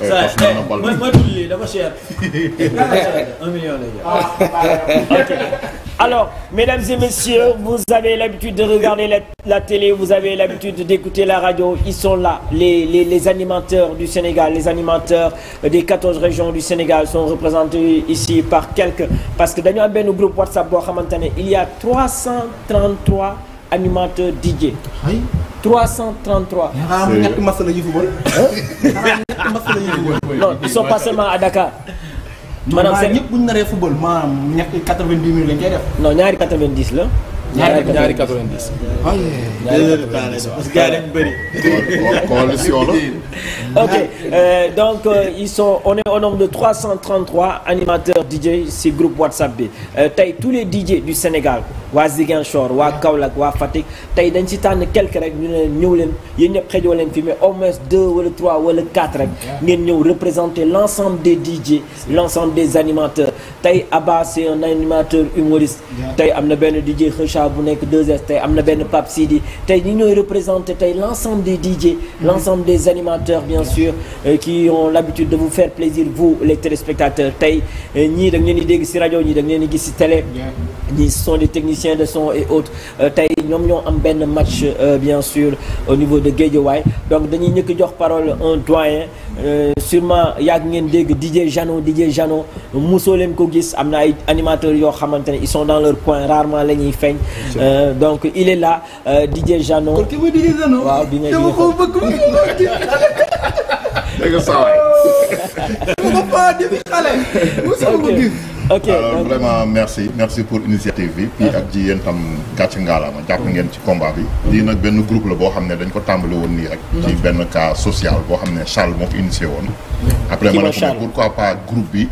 [SPEAKER 1] Eh, eh, dafa cher. un million alors mesdames et messieurs vous avez l'habitude de regarder la, la télé vous avez l'habitude la radio ils sont là les les animateurs du Sénégal animateurs des 14 régions du Sénégal sont représentés ici par parce que dañu benn groupe WhatsApp boo xamante ne il y a 333 animateurs DJ. 333. ah mu non ils sont pas seulement à Dakar.
[SPEAKER 2] maanaam seen ñëpp bu ñu naree football maanaam ñetti quatre-vingt-dix minutes lañ koy def. non ñaari quatre-vingt-dix la. ñaari ñaari 90.
[SPEAKER 7] waaw ah, ñaari 90 parce que gars yi bëri.
[SPEAKER 1] ok euh, donc euh, ils sont on est au nombre de 333 animateurs DJ si groupe WhatsApp bi euh, tey tous les DJ du Sénégal waa Ziguinchor waa Kaolack waa Fatick tey dañ ci tànn quelque rek ñu ne ñëw leen yéen ñëpp xëjoo leen fi mais au moins deux wala trois wala quatre rek ngeen ñëw représenter l'ensemble des DJ l'ensemble des animateurs tey Abba c'est un animateur humoriste tey am na benn DJ Kheucha saa bu nekk 2ST am na benn Pape Sidi tey ñi ñooy représenté tey l' ensemble des DJ l'ensemble des animateurs bien sur euh, qui ont l'habitude de vous faire plaisir vous les téléspectateurs tey euh, ñii da ngeen di dégg ci rajo ñii da ngeen di gis ci télé ñii sont des techniciens de son et autres euh, tey ñoom ñoo am benn match bien sur au niveau de Guédiawaye donc dañuy ñëkk jox parole un doyen sûrement yàgg ngeen dégg DJ Jano DJ Jano musoo leen ko gis am na ay animateurs yoo xamante ne ils sont dans leur coin la ñuy feeñ Euh, donc il est là euh, DJ Jeannot. kon ki mooy DJ Jeannot. waaw di nga dama ko bëgg mu ngi dégg nga sawaay. Oh! dama ko faa depuis xale. mosuma ko gis. ok alors vraiment
[SPEAKER 9] merci merci pour initiative bi. fii ah. ak ji yéen tam gàcce ngaalaama jàpp mm. ngeen ci combat bi. lii nag benn groupe la boo xam ne dañ ko tàmbali woon nii rek. Mm. ci benn cas social boo xam ne Charles moo ko initié woon. Mm. après ma ne ko pourquoi pas groupe bi.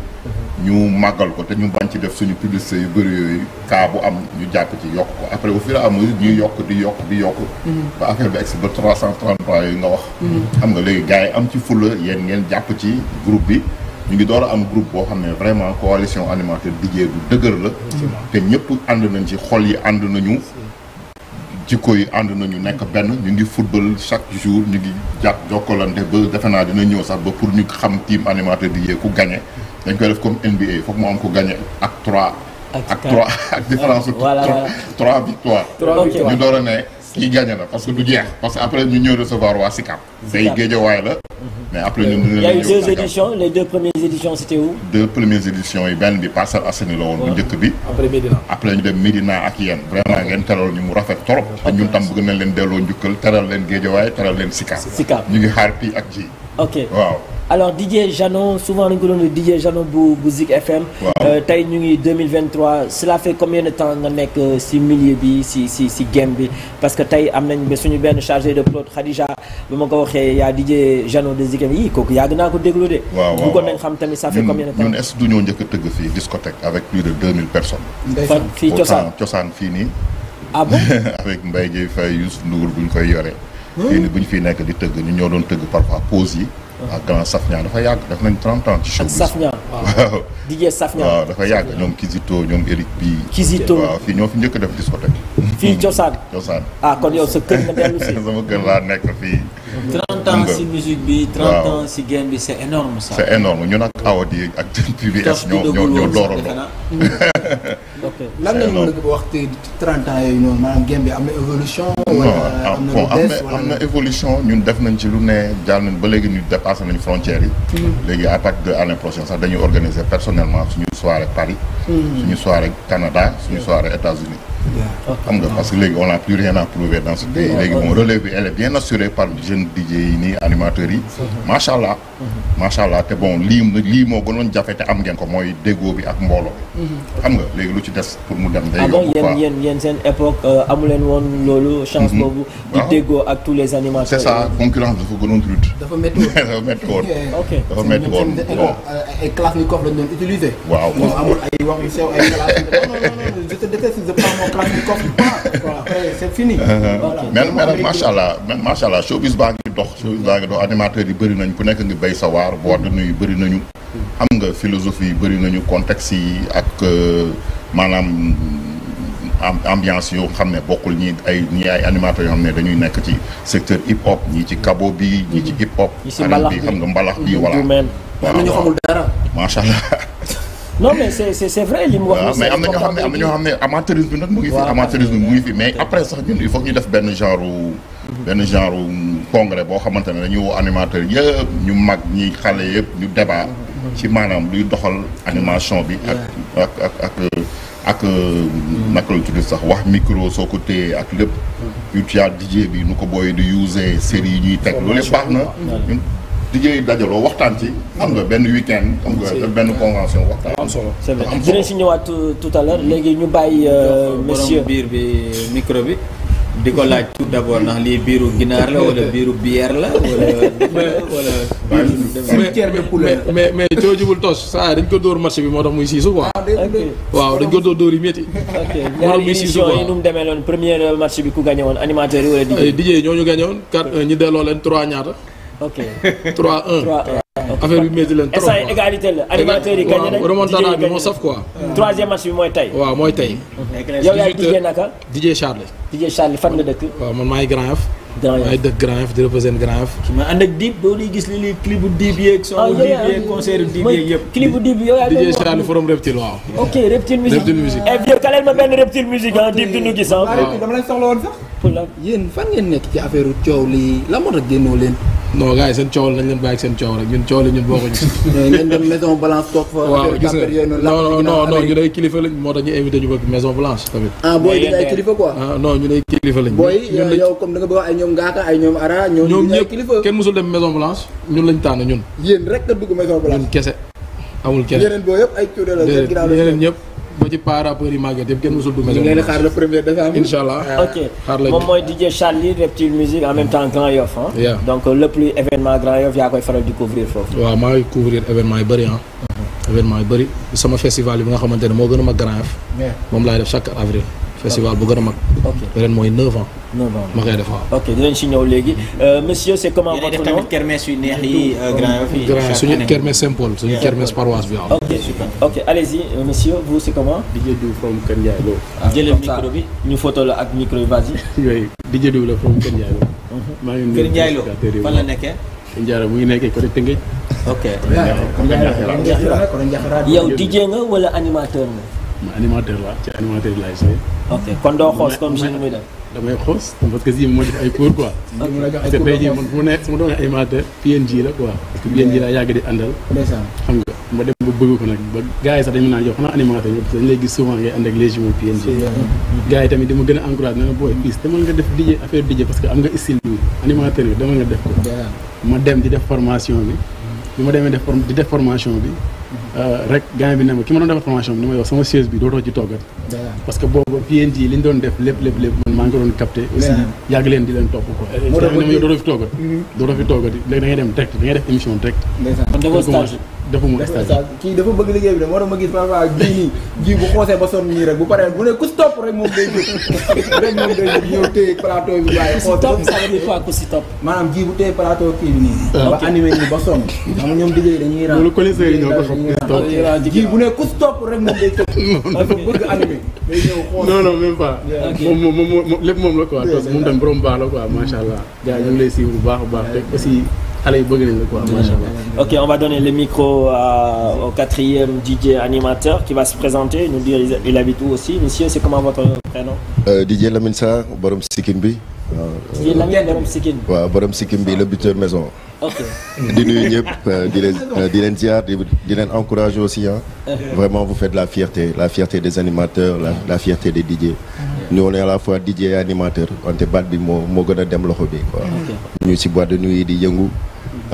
[SPEAKER 9] ñu màggal ko te ñu bañ ci def suñu publicité yu bëri yooyu kaa bu am ñu jàkk ci yokk ko après au fur et à ñuy yokk di yokk di yokk mm-hmm. ba affaire bi egsi ba trois cent trente-trois yooyu nga wax mm-hmm. am nga léegi gars yi am ci fulla yéen ngeen jàpp ci groupe bi ñu ngi door a am groupe boo xam ne vraiment coalition animateur liggéey bu dëgër la mm-hmm. te ñëpp ànd nañ ci xol yi ànd nañu jikko yi ànd nañu nekk benn ñu ngi football chaque jour ñu ngi jàpp jokkalante ba defe naa dina ñëw sax ba pour ñu xam team animateur liggéey ku gagné dañ koy def comme NBA foog mu am ko gagné ak 3. ak 3 ak différence su. voilà 3 ñu door a ne kii gagné na parce que du jeex. parce que après ñu ñëw recevoir waa SICAP. day géejawaay la. Mhm. mais après ñun dina la ñëw deux éditions les premières éditions yi benn bi Parcelles Assainies la woon. bu njëkk bi après Médina. après ñu dem Médina ak yéen vraiment ngeen teral ñu mu rafet trop. ñun tam bugg nañ leen delloo njukkal teral leen géejawaay teral leen SICAP. SICAP ñu ngi xaar pii ak ji. ok waaw
[SPEAKER 1] alors DJ Jano souvent dañu ko doon DJ Jano bu bu Zik FM. Euh, tey ñu ngi 2023 cela fait combien de temps nga nekk ci euh, milieu bi ci ci ci game bi parce que tey am nañ ba suñu benn chargé de prod Khadija ba ma ko waxee yaa DJ Jano de Zik FM yii kooku yàgg naa ko déglu de. waaw waaw nañ xam tamit ça fait combien de temps ñun
[SPEAKER 9] est du ñoo njëkk a tëgg fii discothèque avec plus de 2000 personnes. fan fii cosaan cosaan fii nii. ah bon avec Mbaye Dieye Faye Youssou Ndour bu ñu koy yore. xëy na bu ñu fiy nekk di tëgg ñu ñoo doon tëgg parfois pause yi. ak ah. ah, grand Safnia dafa yàgg def nañ 30 ans. ci show bi Safnia waaw. DJ Safnia waaw dafa yàgg ñoom Kizito ñoom Eric bi Kizito waaw fii ñoo fi njëkk def discothèque. fii hmm. Cosaan Cosaan. ah kon yow sa kër nga dellu si. sama kër laa nekk fii. 30 ans si musique bi 30 ans
[SPEAKER 1] si game bi c'est énorme
[SPEAKER 2] ça. c'est
[SPEAKER 9] énorme ñun ak Awadi ak PBS ñoo ñoo ñoo doorandoo.
[SPEAKER 2] lan lañ mën a wax ci 30 ans noonu maanaam game bi am na évolution. Ah, wala
[SPEAKER 9] am na évolution ñun def nañ ci lu ne jàll nañ ba léegi ñu dépassé nañu frontières yi. Hmm. léegi à partir de l'année prochaine sax dañu organiser personnellement suñu soirée Paris. Hmm. suñu soirée Canada suñu soirée États-Unis xam nga parce que léegi on n'a plus rien à dans ce pays léegi bon relève bi elle est bien assurée par jeune DJ yi nii animateurs yi macha allah macha allah te bon lii lii moo gënoon jafe te am ngeen ko mooy dégo bi ak mbooloo xam nga léegi lu ci des pour mu dem day ah yomb quoi yéen
[SPEAKER 1] yéen seen époque euh, amu woon loolu chance mhm. boobu di déggoo ak tous les animateurs c'est ça
[SPEAKER 9] concurrence dafa gënoon rude
[SPEAKER 1] dafa métti woon
[SPEAKER 9] dafa métti woon dafa
[SPEAKER 1] euh, ay classe
[SPEAKER 2] ni
[SPEAKER 9] kof ay wax yu sew ay classe traces du coffre quoi après c'est macha allah macha allah showbiz baa ngi dox. showbiz baa ngi dox animateurs yi bëri nañ ku nekk ngi béy sa waar boîte nuyu bëri nañu. xam nga philosophie yi bëri nañu contexte yi ak euh, maanaam. ambiance yoo xam ne bokkul ñi ay ñi ay animateurs yoo xam ne dañuy nekk ci secteur hip hop ñii ci cabo bi ñii ci hip hop. ñii bi xam nga mbalax bi voilà. waaw waaw allah. non mais mais am na ñoo xam ne am na ñoo xam ne amateurisme bi nag mu ngi fi. amateurisme bi mu ngi fi mais après sax ñun il faut ñu def benn genre. benn genre congrès boo xamante ne dañu woo animateur yëpp ñu mag ñi xale yëpp ñu débat. ci maanaam luy doxal animation bi. ak ak ak ak. Euh, naka la tudd sax wax micro soo ko téye ak lépp. yu tuyaat DJ bi nu ko booy di user série yi ñuy teg loolu yëpp baax na. liggéey dajaloo waxtaan ci am nga benn weekend am nga benn convention waxtaan. am solo c'est vrai
[SPEAKER 1] si ñëwaat euh, tout à l'heure léegi ñu bàyyi euh, monsieur biir bi micro bi. di ko laaj tout d'abord ndax li biiru ginaar la wala biiru bière
[SPEAKER 2] la wala wala. mais mais mais coojubul tos
[SPEAKER 7] saa dañ ko dóor marché bi moo tax muy siisu ah, waaw dañ ko dóor dóor yi métti.
[SPEAKER 1] ok
[SPEAKER 2] moo tax muy siisu
[SPEAKER 7] quoi yi nu
[SPEAKER 1] mu demee noonu premier match bi ku gagné woon animateur yi wala DJ. DJ ñoo ñu gagné woon euh, ñu delloo leen trois ñaata. ok 3-1. 3-1 affaire bi leen trop quoi égalité yi gagné nañ remontada bi moo saf quoi. Euh. troisième match bi mooy tey. waaw mooy tey. yow yaay DJ
[SPEAKER 2] naka. DJ Charles. DJ Charles fan nga dëkk. waaw man maay Grand Yoff. maay dëkk Grand Yoff di représente
[SPEAKER 1] Grand Yoff. ma ànd ak Dip doo di gis li li clip bu Dip yeeg. ah Dip yeeg concert bu Dip yeeg yëpp. clip bu Dip yow yaa DJ Charles forum Reptile waaw. ok Reptile musique Reptile musique. Eh, ah,
[SPEAKER 2] ah. la yéen fan ngeen nekk ci affaire coow lii la moo génnoo leen non gars yi seen coow nañ leen bàyyi seen coow rek ñun coow la ñun bokkuñu ñu day kilifa lañ moo tax ñu invité ñu bëgg maison blanche tamit. ah booy dañ ay kilifa quoi. ah ñu day kilifa lañ. booy yow comme da nga bëgg ay ñoom ngaaka ay ñoom ara ñoom ñëpp kilifa kenn musul dem maison blanche ñun lañ tànn ñun. yéen rek nga dugg maison blanche ñun kese amul kenn. yeneen
[SPEAKER 1] boo yëpp ay cuude
[SPEAKER 2] la seen ginnaaw la
[SPEAKER 7] yeneen ñëpp boo ci para rappeurs yi màgget yëpp kenn mosul dugg. ñu ngi leen xaar le premier
[SPEAKER 1] décembre. incha allah ah. ok moom mooy DJ Charlie Reptile Musique en même Grand Yoff ah. donc lépp luy événement Grand Yoff yaa koy faral di couvrir foofu.
[SPEAKER 2] waaw maa ngi couvrir événement yu bëri ah. événement yu bëri sama festival yi nga xamante ne moo gën a mag Grand Yoff. moom laa def chaque avril. festival bu gën a mag. ok ren mooy 9 ans. 9 ans ma koy def waaw.
[SPEAKER 1] ok dinañ si ñëw léegi euh, monsieur c'est comment votre nom def tamit kermesse yu neex yi euh, grand yi. grand suñu kermesse Saint-Paul suñu kermesse paroisse bi waaw. ok super ok allez-y euh, monsieur vous c'est comment. Didier Diouf from Kër Ndiaye Lo. ah jëlal micro bi
[SPEAKER 7] ñu photo la ak micro bi vas-y. yooyu Didier Diouf la from Kër Ndiaye Lo. Mhm. maa ngi nuyu Kër Ndiaye Lo fan la nekkee. Kër Ndiaye Lo mu ngi nekkee côté Tëngéej. ok. Ah, yow DJ nga wala animateur nga. ma animateur la ci animateur laay sooy. ok kon doo xoos comme si muy def. damay xoos parce que si moo def ay cours quoi. su ma doon animateur yàgg di àndal. xam nga ma dem ba bëgg ko nag ba gars yi sax dañu naan yow xanaa animateur yëpp dañu lay gis souvent ngay ànd ak les PNG. gars tamit di ma gën a encouragé na la booy bis dama nga def DJ affaire DJ parce que am nga style bi animateur bi dama nga def ko. ma dem di def formation bi. bi ma demee bi. Euh, rek gars bi ne ki ma doon defal formation bi ni yow sama siège bi dootoo ci toggat parce que boobu PND li ñu doon def lépp lépp man maa ngi doon capté aussi yàgg leen di leen topp quoi ne ma yow dootoo fi toggat mm-hmm. dootoo fi toggat léegi da ngay dem direct da def émission direct defuma stage kii
[SPEAKER 2] dafa bëgg liggéey bi de moo tax ma gis parfois ji nii ji bu xoosee ba sonn nii rek bu paree bu ne ku si topp rek moom day jóg rek moom day jóg ñëw téye plateau bi waaye xoos ça veut dire quoi ku si topp maanaam ji bu téye plateau kii bi nii ah, ba animé nii ba sonn xam nga ñoom liggéey dañuy raam loolu connaisseur yi ñoo ko xam ji bu
[SPEAKER 7] ne ku si topp rek moom day jóg dafa bëgg animé day ñëw xoos non non même pas moom moom moom lépp moom la quoi moom tam borom baax la quoi macha allah gars yi ñu ngi lay siiw bu baax a baax te aussi xale yi bëgg nañ la quoi macha allah. ok on va donner le micro à, euh, au
[SPEAKER 1] quatrième DJ animateur qui va se présenter nous dire il habite où aussi monsieur c'est comment votre prénom.
[SPEAKER 3] Euh, DJ Lamine Sarr borom Sikkim bi. DJ Lamine borom Sikkim. waaw borom Sikkim bi le buteur maison. ok di nuyu ñëpp euh, di leen euh, di leen ziar di di leen encourager aussi ah. vraiment vous faites la fierté la fierté des animateurs la la fierté des DJ. ñu on est à la fois DJ et animateur wante baat bi moo moo gën a dem loxo bi quoi. ñu ci boîte de nuit yi di yëngu.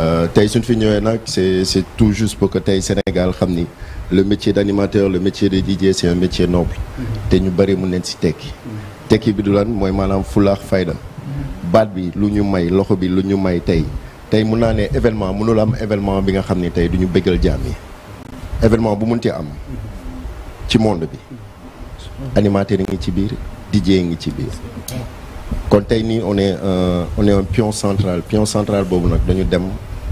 [SPEAKER 3] Euh, tey suñ fi ñëwee nag c'est c'est tout juste pour que tey Sénégal xam ni le métier d'animateur le métier de DJ c'est un métier noble mm-hmm. te ñu bëri mun leen si tekki mm-hmm. tekki bi du lan mooy maanaam fulaax fayda mm-hmm. baat bi lu ñu may loxo bi lu ñu may tey tey mun naa ne événement mënul am événement bi nga xam ni tey du ñu bëggal jaam yi événement bu munti am ci monde bi animateur ngi ci biir DJ ngi ci biir kon tey nii on est un euh, on est pion central pion central boobu nag dañu dem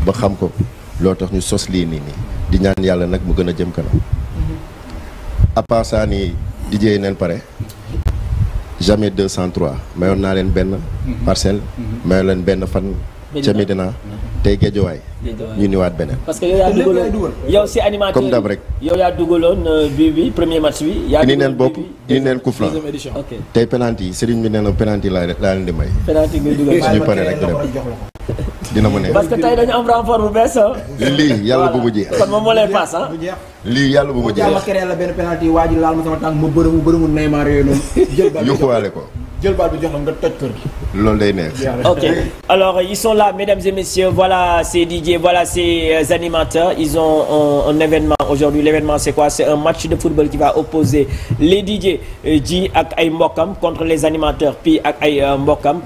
[SPEAKER 3] ba xam ko loo tax ñu sos lii nii nii di ñaan yàlla nag mu gën a jëm kanam à part ça nii pare jëy neen pare jamais mayoon naa leen benn mhm. parcelle mhm. mayoon leen benn fan ca Médina mhm. tey géejawaay ñu niwaat beneen. parce
[SPEAKER 1] que yow yaa dugaloon yow si animateur comme dab rek. yow yaa dugaloon euh, bii bi premier match bi.
[SPEAKER 3] yaa dugaloon bii bi neen bopp indi neen coup franc. ok tey penalty yi sëriñ bi nee na penalty laa laa leen di may.
[SPEAKER 1] penalty ngay dugal suñu paree rek dina ma neex. parce que tey dañu am renfort bu bees ah.
[SPEAKER 3] lii yàlla bu mu jeex.
[SPEAKER 1] kon moo lay paas ah. lii yàlla
[SPEAKER 2] bu mu jeex. bu ma créé la benn penalty waa ji laal ma sama tànk ma bërëmu bërëmu Neymar
[SPEAKER 3] ko
[SPEAKER 1] jël baal bi jox la nga toj kër gi.
[SPEAKER 3] loolu day neex. ok
[SPEAKER 1] alors ils sont là mesdames et messieurs voilà ces DJ voilà ces euh, animateurs ils ont un, un événement aujourd'hui l'événement c'est quoi c'est un match de football qui va opposer les DJ euh, ji ak ay mbokkam contre les animateurs pi ak ay euh, mbokkam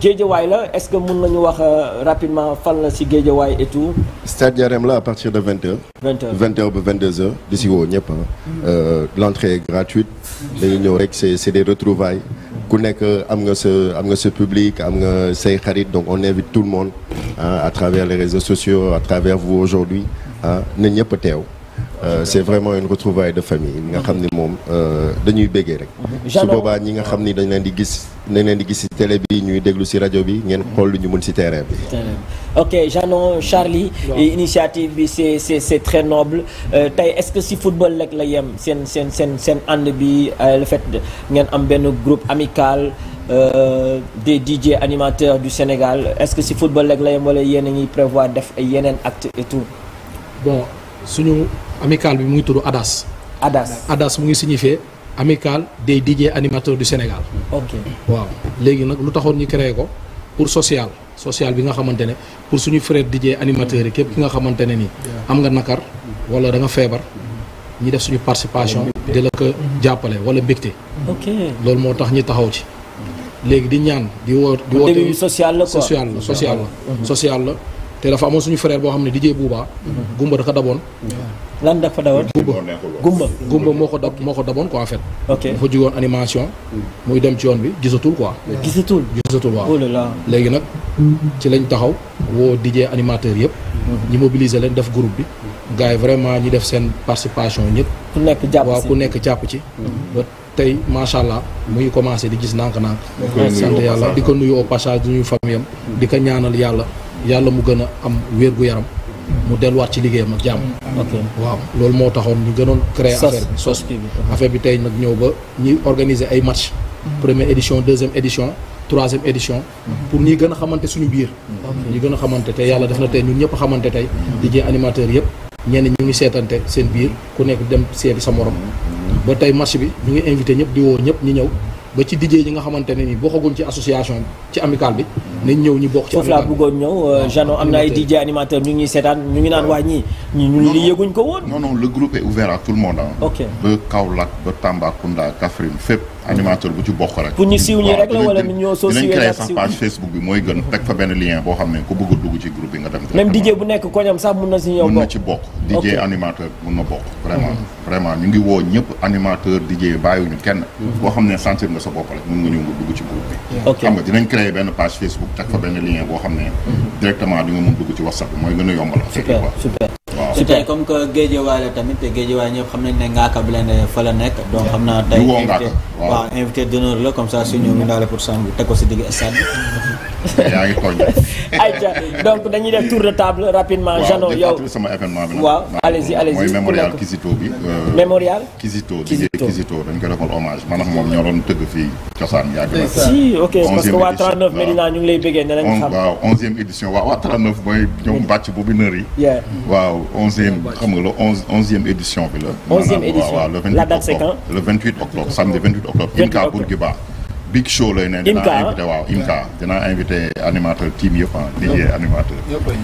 [SPEAKER 1] géejawaay la est-ce que mun nañu wax rapidement fan la si géejawaay et tout.
[SPEAKER 3] stade Yarem la à partir de vingt heures. vingt heures vingt heures ba vingt ñëpp l'entrée est gratuite. dañu ñëw rek c'est c'est des retrouvailles ku nekk am nga sa am nga sa public am nga say xarit donc on invite tout le monde hein, à travers les réseaux sociaux à travers vous aujourd'hui ah na ñëpp teew euh, c'est vraiment une retrouvaille de famille nga xam ni moom euh, dañuy béggee rek su boobaa ñi nga xam ni dañ leen di gis dañ leen di gis ci télé bi ñuy déglu ci rajo bi ngeen xool lu ñu mën ci terrain bi
[SPEAKER 1] ok Janon Charlie. initiative bi c'est c'est très noble euh, tey est-ce que si football rek la yem seen seen seen seen ànd bi euh, le fait ngeen am benn group amical euh, des DJ animateurs du Sénégal est-ce que si football rek la yem wala yéen a ngi prévoir def yeneen acte et
[SPEAKER 2] bon suñu amical bi mu ngi tudd ADAS. ADAS ADAS mu ngi signifier amical des DJ animateurs du Sénégal. ok waaw léegi nag lu taxoon ñu créer ko pour social. sociale bi nga xamante ne pour suñu frère DJ animateurs yi képp nga xamante ne nii am nga nakar wala danga feebar ñi def suñu participation di la ko jàppale wala bégte loolu moo tax ñi taxaw ci léegi di ñaan di woo di woote social la social la social la te dafa amoon suñu frère boo xam ne DJ Bouba. Gumba dafa daboon. lan dafa dawoon Gumba Gumba moo ko dab moo ko daboon quoi en fait. ok dafa jugoon animation. muy dem ci yoon bi gisatul quoi. gisatul gisatul waaw. Oh léegi nag ci lañ taxaw woo DJ animateur yëpp. Mhm. ñi mobiliser leen def groupe bi. gars yi vraiment ñi def seen participation ñëpp. ku nekk jàpp ci ku nekk jàpp ci. Mhm. tey macha allah mu ngi commencé di gis nànk-nànk. yàlla di ko nuyu au passage du ñuy mhm. di ko ñaanal yàlla. yàlla mu gën a am wér gu yaram mu delluwaat ci liggéeyam ak jàmm. waaw loolu moo taxoon ñu gënoon créer affaire bi
[SPEAKER 1] sos affaire
[SPEAKER 2] bi tey nag ñëw ba ñuy organiser ay match mm-hmm. première édition deuxième édition troisième édition mm-hmm. pour ñi gën a xamante suñu biir ñi gën a xamante tey yàlla def na tey ñun ñëpp xamante tey liggéey mm-hmm. animateur yëpp ñenn ñu ngi seetante seen biir ku nekk dem seeti sa morom ba tey match bi ñu ngi invité ñëpp di woo ñëpp ñi ñëw
[SPEAKER 1] ba ci DJ yi nga xamante ne ni bokkaguñ ci association ci amical bi nañ ñëw ñi bokk ci foofu laa bëggoon ñëw euh, Jeannot am na ay DJ animateur ñu ngi seetaan ñu ngi naan euh, waa ñi ñu ñu li
[SPEAKER 9] yëguñ ko woon non non le groupe est ouvert à tout le monde ah ok ba Kaolack ba Tambacounda Kaffrine fépp animateur bu ci bokk rek. pour ñu siiw ñi rek la wala ñoo soo siiwee créé sax mooy gën teg fa benn lien boo xam ne ko bëgg a dugg ci groupe bi nga dem. même DJ bu nekk koñam sax mun na si ñëw bokk mun na ci bokk. animateur mun na bokk. vraiment mhm. vraiment ñu ngi woo ñëpp animateur DJ bàyyiwuñu kenn. boo mhm. xam ne sentir nga sa bopp rek mun nga ñëw nga dugg ci groupe bi. xam nga dinañ créé benn page Facebook teg fa benn lien boo xam ne. Mhm. directement di nga mun dugg ci WhatsApp bi mooy gën a si tey
[SPEAKER 1] comme que géejewaay la tamit te géejewaay ñëpp xam nañ ne Ngaaka Blindé fa la nekk. donc xam naa tey invité waaw invité la comme ça suñu ñu daal pour sang bi teg ko si digg stade yaa ngi tooñ ayca donc dañuy def tour de table rapidement. Jano yow y allez y mémorial
[SPEAKER 9] Kizito bi. Euh, mémorial Kizito di Kizito dañ koy defal hommage moom ñoo tëgg fii cosaan yàgg
[SPEAKER 1] ngi lay bëggee ne lañ xam. waaw
[SPEAKER 9] 11 édition la 11 édition bi la. 11 édition la date c'est le 28 samedi 28 octobre. 28 octobre Inca big show lay ne. IMCA dinaa invité animateur team yëpp ah. DJ animateur.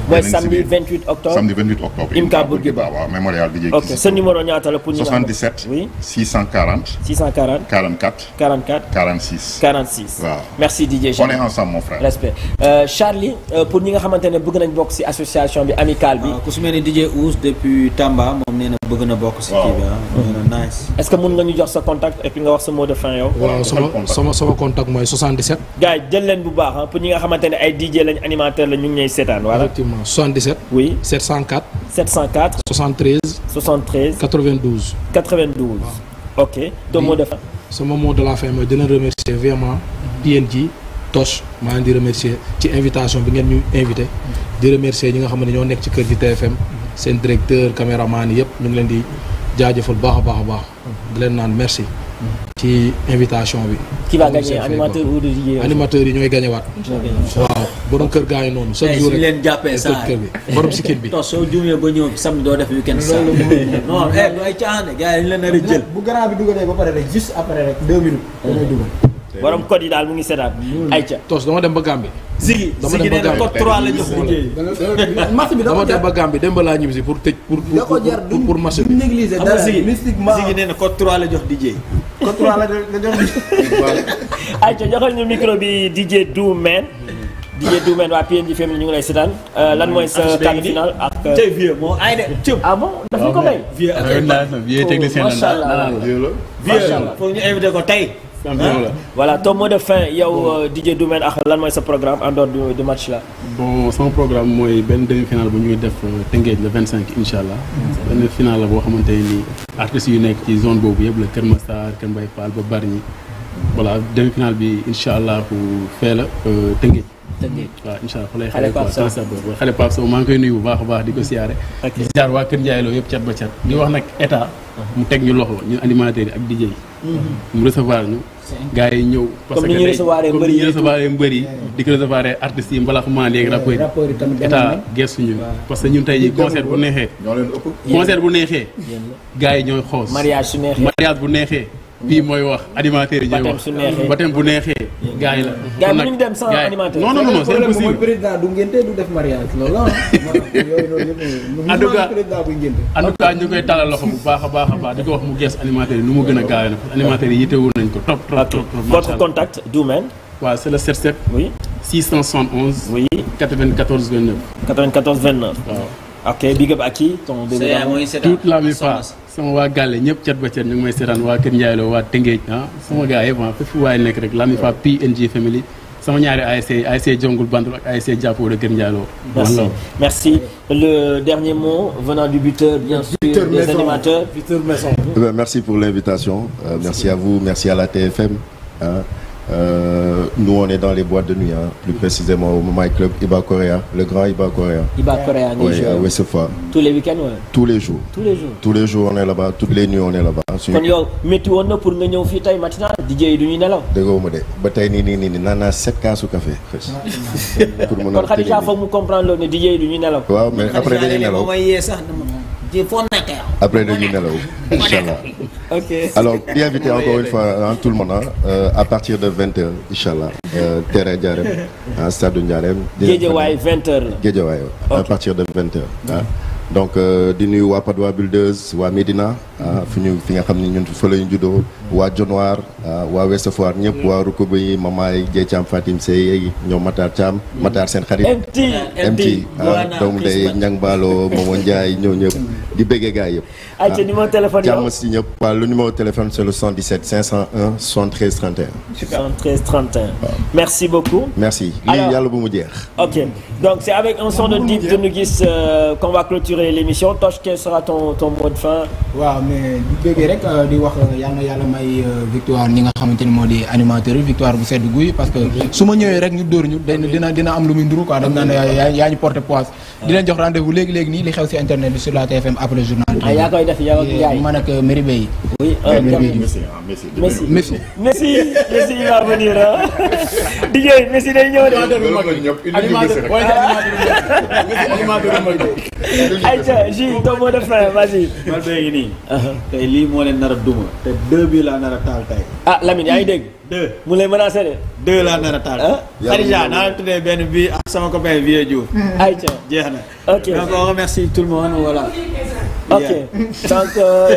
[SPEAKER 9] mooy samedi 28 octobre samedi 28 octobre. IMCA Bourguiba waaw mémorial DJ. ok sa numéro ñaata la pour ñu. 77 oui 640. 640 44. 44
[SPEAKER 1] 46. 46 waaw. merci DJ Charles on est ensemble mon euh, Charlie euh, pour ñi nga xamante ne bëgg nañ bokk ci association bi amicale bi. Ah, ku su mel ni DJ Ous depuis Tamba moom nee gën a bokk si kii bi ah. est ce que mën nga ñu jox sa contact et puis nga wax sa mot de fin yow. waaw sama sama sama contact mooy 77. gars yi jël leen bu baax ah pour ñi nga xamante ne ay DJ lañ animateur la ñu ngi ñuy seetaan voilà. effectivement 77. oui 704. 704. 73.
[SPEAKER 2] 73. 92.
[SPEAKER 1] 92. waaw ok.
[SPEAKER 2] donc mot de fin. sama mot de la fin mooy dina remercier vraiment TNG Toch maa ngi di remercier ci invitation bi ngeen ñu invité di remercier ñi nga xam ne ñoo nekk ci kër gi TFM. seen directeur caméraman yëpp ñu ngi leen di jaajëfal baax a baax baax di naan merci ci invitation bi. ki va gagner animateur ou
[SPEAKER 1] DJ.
[SPEAKER 2] yi ñooy gagné waat. waaw borom kër gaa yi noonu. chaque eh, jour rek leen jàppee saa kër bi borom
[SPEAKER 1] sikkin bi. non soo juumee ba ñëw samedi doo def weekend saa. non eh
[SPEAKER 2] ay caaxaan yi ñu leen bu garab bi dugalee ba pare rek juste après rek deux minutes. dañuy dugal.
[SPEAKER 7] borom
[SPEAKER 1] code yi daal mu ngi sedaat ayca tos dama dem ba Gambie. Ziggy
[SPEAKER 2] Ziggy dama dem ba Gambie dem ba laa ñibbi si pour tëj. pour pour pour pour match la jox DJ. code 3 la jox
[SPEAKER 1] ayca joxal ñu micro bi DJ Doumen. DJ Doumen waa PNJ Family ñu ngi lay seetaan euh, lan mooy sa quart final ak. tey vieux moo ay de cëb. ah bon daf ñu ko may. foog ñu invité ko tey. voilà Tom mot def fin yow euh, DJ Doumène ak lan mooy sa programme en dehors du match là.
[SPEAKER 7] bon sama programme mooy benn demi-finale bu ñuy def euh, Tëngéej le 25 incha allah. benn finale la boo xamante ni artistes yu nekk ci zone boobu yëpp la Kër Massar Kër Mbaye Fall ba Bargny voilà demi-finale bi incha allah fee euh, Tëngéej. Tëngéej waaw allah fa lay xale Pape Sow xale maa ngi koy nuyu bu baax baax di ko siyaare. di waa Kër Ndiaye Lo yëpp cat ba cat. di wax nag état uh-huh. mu teg ñu yi ak DJ yi. mu recevoir ñu. gaa yi ñëw. parce que comme ni ñuy recevoir mbër yi di ko recevoir artistes yi mbalax maa léegi rapport yi tamit ñu parce que ñun tey jii concert bu neexee. concert bu neexee. gaa yi ñooy xoos. mariage su neexee bu neexee. bii mooy wax animateur yi ñooy wax batem bu neexee gars la. gars
[SPEAKER 2] yi du def mariage loolu la
[SPEAKER 7] ah. en ñu koy talal loxo bu baax a baax a baax di ko wax mu gees animateur yi nu mu gën a gaawee na animateur yi yittewu nañ ko trop trop trop. votre contact Doumène. waaw c'est le 77. oui 671. oui 94 29. 94 29. waaw. ok big sama waa gàlle ñëpp cat ba cat ñu ngi may seetaan waa Kër Ndiaye Lo waa Tëngéej ah sama gars yëpp ah fépp waaye nekk rek Lamine Fall PNG family sama ñaari ASC ASC Jongul Bantul ak ASC Jàppoo de Kër Ndiaye
[SPEAKER 3] eh merci pour l'invitation euh, merci à vous merci à la TFM Euh, nous, on est dans les boîtes de nuit, hein, plus précisément au My Club Iba Korea, le grand Iba Korea. Iba Korea, oui, à Westphal.
[SPEAKER 1] Tous les week-ends, ouais. Tous les jours. Tous les jours.
[SPEAKER 3] Tous les jours, on est là-bas. Toutes les nuits, on est là-bas. kon yow
[SPEAKER 1] métti woon na pour nga ñëw fii tey matinal DJ yi du ñu nelaw.
[SPEAKER 3] déggoo ma de ba tey nii nii nii naan naa sept kaasu café. pour mun a kon Khadija foog
[SPEAKER 1] mu comprendre loolu ne DJ yi du ñu nelaw. waaw mais après dañuy nelaw foo nekkee
[SPEAKER 3] après dañuy nelaw incha allah alors di invité encore une fois tout le monde euh, à partir de vingt heures incha allah. Euh, terrain Ndiarème stade Ndiarème. Géejawaay vingt heures la Géejawaay à partir de vingt heures donc euh, di nuy waa Padois Builders waa Médina ah, fi ñu fi nga xam ne ñun fa la ñu juddoo waa Dionoir ah, waa Ouest Foire ñëpp mm. waa Rukuba yi Mamaay Dieng Thiam Fatim Seye ñoom Matar Thiam mm. Matar seen xarit MT MT ah, doomu day Ñang Baalo Momo Ndiaye ñoo ñëpp di béggee gaay yëpp ay ca numéro téléphone yow jàmm si ñëpp. waaw le numéro téléphone c'est le 77 501 73 31.
[SPEAKER 1] 73 31. waaw merci beaucoup.
[SPEAKER 3] merci lii yàlla bu mu jeex.
[SPEAKER 1] ok donc c'est avec un son de titre de nu gis qu'on va clôturer l'émission Toch quel sera ton ton fin. waaw
[SPEAKER 2] mais bu bëggee rek euh, di wax euh, yàlla may euh, victoire ñi nga xamante ni moo animateur yi victoire bu sedd guy parce que su ma ñëwee rek ñu dóor ñu dina dina am lu muy nduru quoi dañu naan yaa ñu porter poisse. di leen jox rendez-vous léegi léegi nii li xew ci la def yow ak Ndiaye man ak euh, Mary Bay. oui euh, ah Messi Messi Messi. Messi
[SPEAKER 1] il va venir ah. Dijé Messi day ñëw de. animateur waaye animateur ayca ji ton mot de fin vas-y. man léegi nii. Uh-huh. tey lii moo leen nar a duma. te deux bi laa nar a taal tey. ah Lamine yaa ngi dégg. deux mu lay menacé de. deux laa nar a taal. Khadija naa la tuddee benn bii ak sama copain Vieux Diouf. ayca jeex na. ok donc on remercie tout le monde voilà. ok donc euh,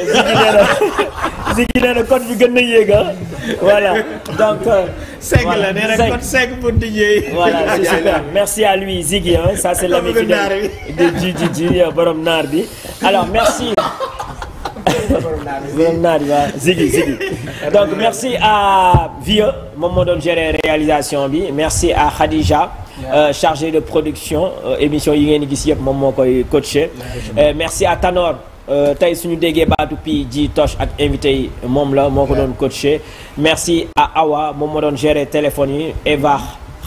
[SPEAKER 1] Ziggy nee na bi gën na yéega
[SPEAKER 3] voilà donc.
[SPEAKER 1] sec la nee na code sec pour Didier. voilà c'est super merci à lui Ziggy hein ça c'est l'ami fidèle de Djidji ji euh, borom naar bi alors merci. borom naar bi waaw donc merci à Vieux moom moo doon réalisation bi merci à Khadija. Euh, chargé de production euh, émission yi ngeen di gis yëpp moom moo koy coaché euh, merci à Tanor tey suñu déggee baatu pi ji Toch ak invité yi moom la moo ko doon coaché merci à Awa moom moo doon gérer téléphone yi Eva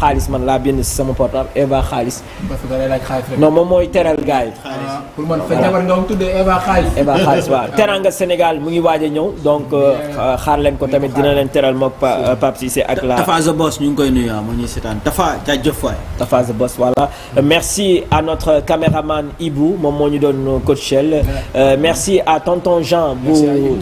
[SPEAKER 1] xaalis man laa bind si sama portable ah, Eva xaalis.
[SPEAKER 2] parce moom
[SPEAKER 1] mooy teral gars ah, pour man
[SPEAKER 2] Eva xaalis.
[SPEAKER 1] teranga Sénégal mu ngi waaj a ñëw donc ah, euh, xaar leen ko tamit dina leen teral mok Pape ak la. Tafa the boss ñu ngi koy nuyu mu ñuy seetaan Tafa jaajëf waay. Tafa the boss voilà merci à notre caméraman Ibou moom moo ñu doon coachel euh, merci à tonton Jean bu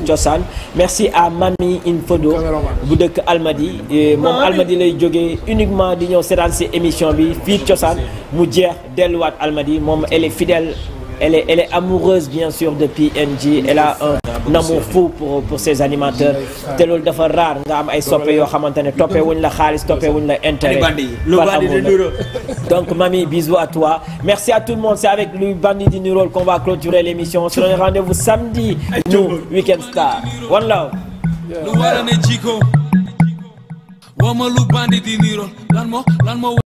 [SPEAKER 1] Cosaan merci à Mami Infodo bu dëkk Almadi moom Almadi lay jógee uniquement. di ñëw seetaan si émission bi fii cosaan mu jeex delluwaat Almadies moom elle est fidèle elle est elle est amoureuse bien sûr de PNJ elle a un amour fou pour pour ses animateurs te loolu dafa rare nga am ay sop yoo xamante ne toppee wuñ la xaalis toppee wuñ la intérêt par amour donc mami bisous à toi merci à tout le monde c'est avec lui bandit di Nurol qu'on va clôturer l'émission on se donne rendez-vous samedi nous Weekend Star one love wamalu bandit yi niiroo lan moo lan moo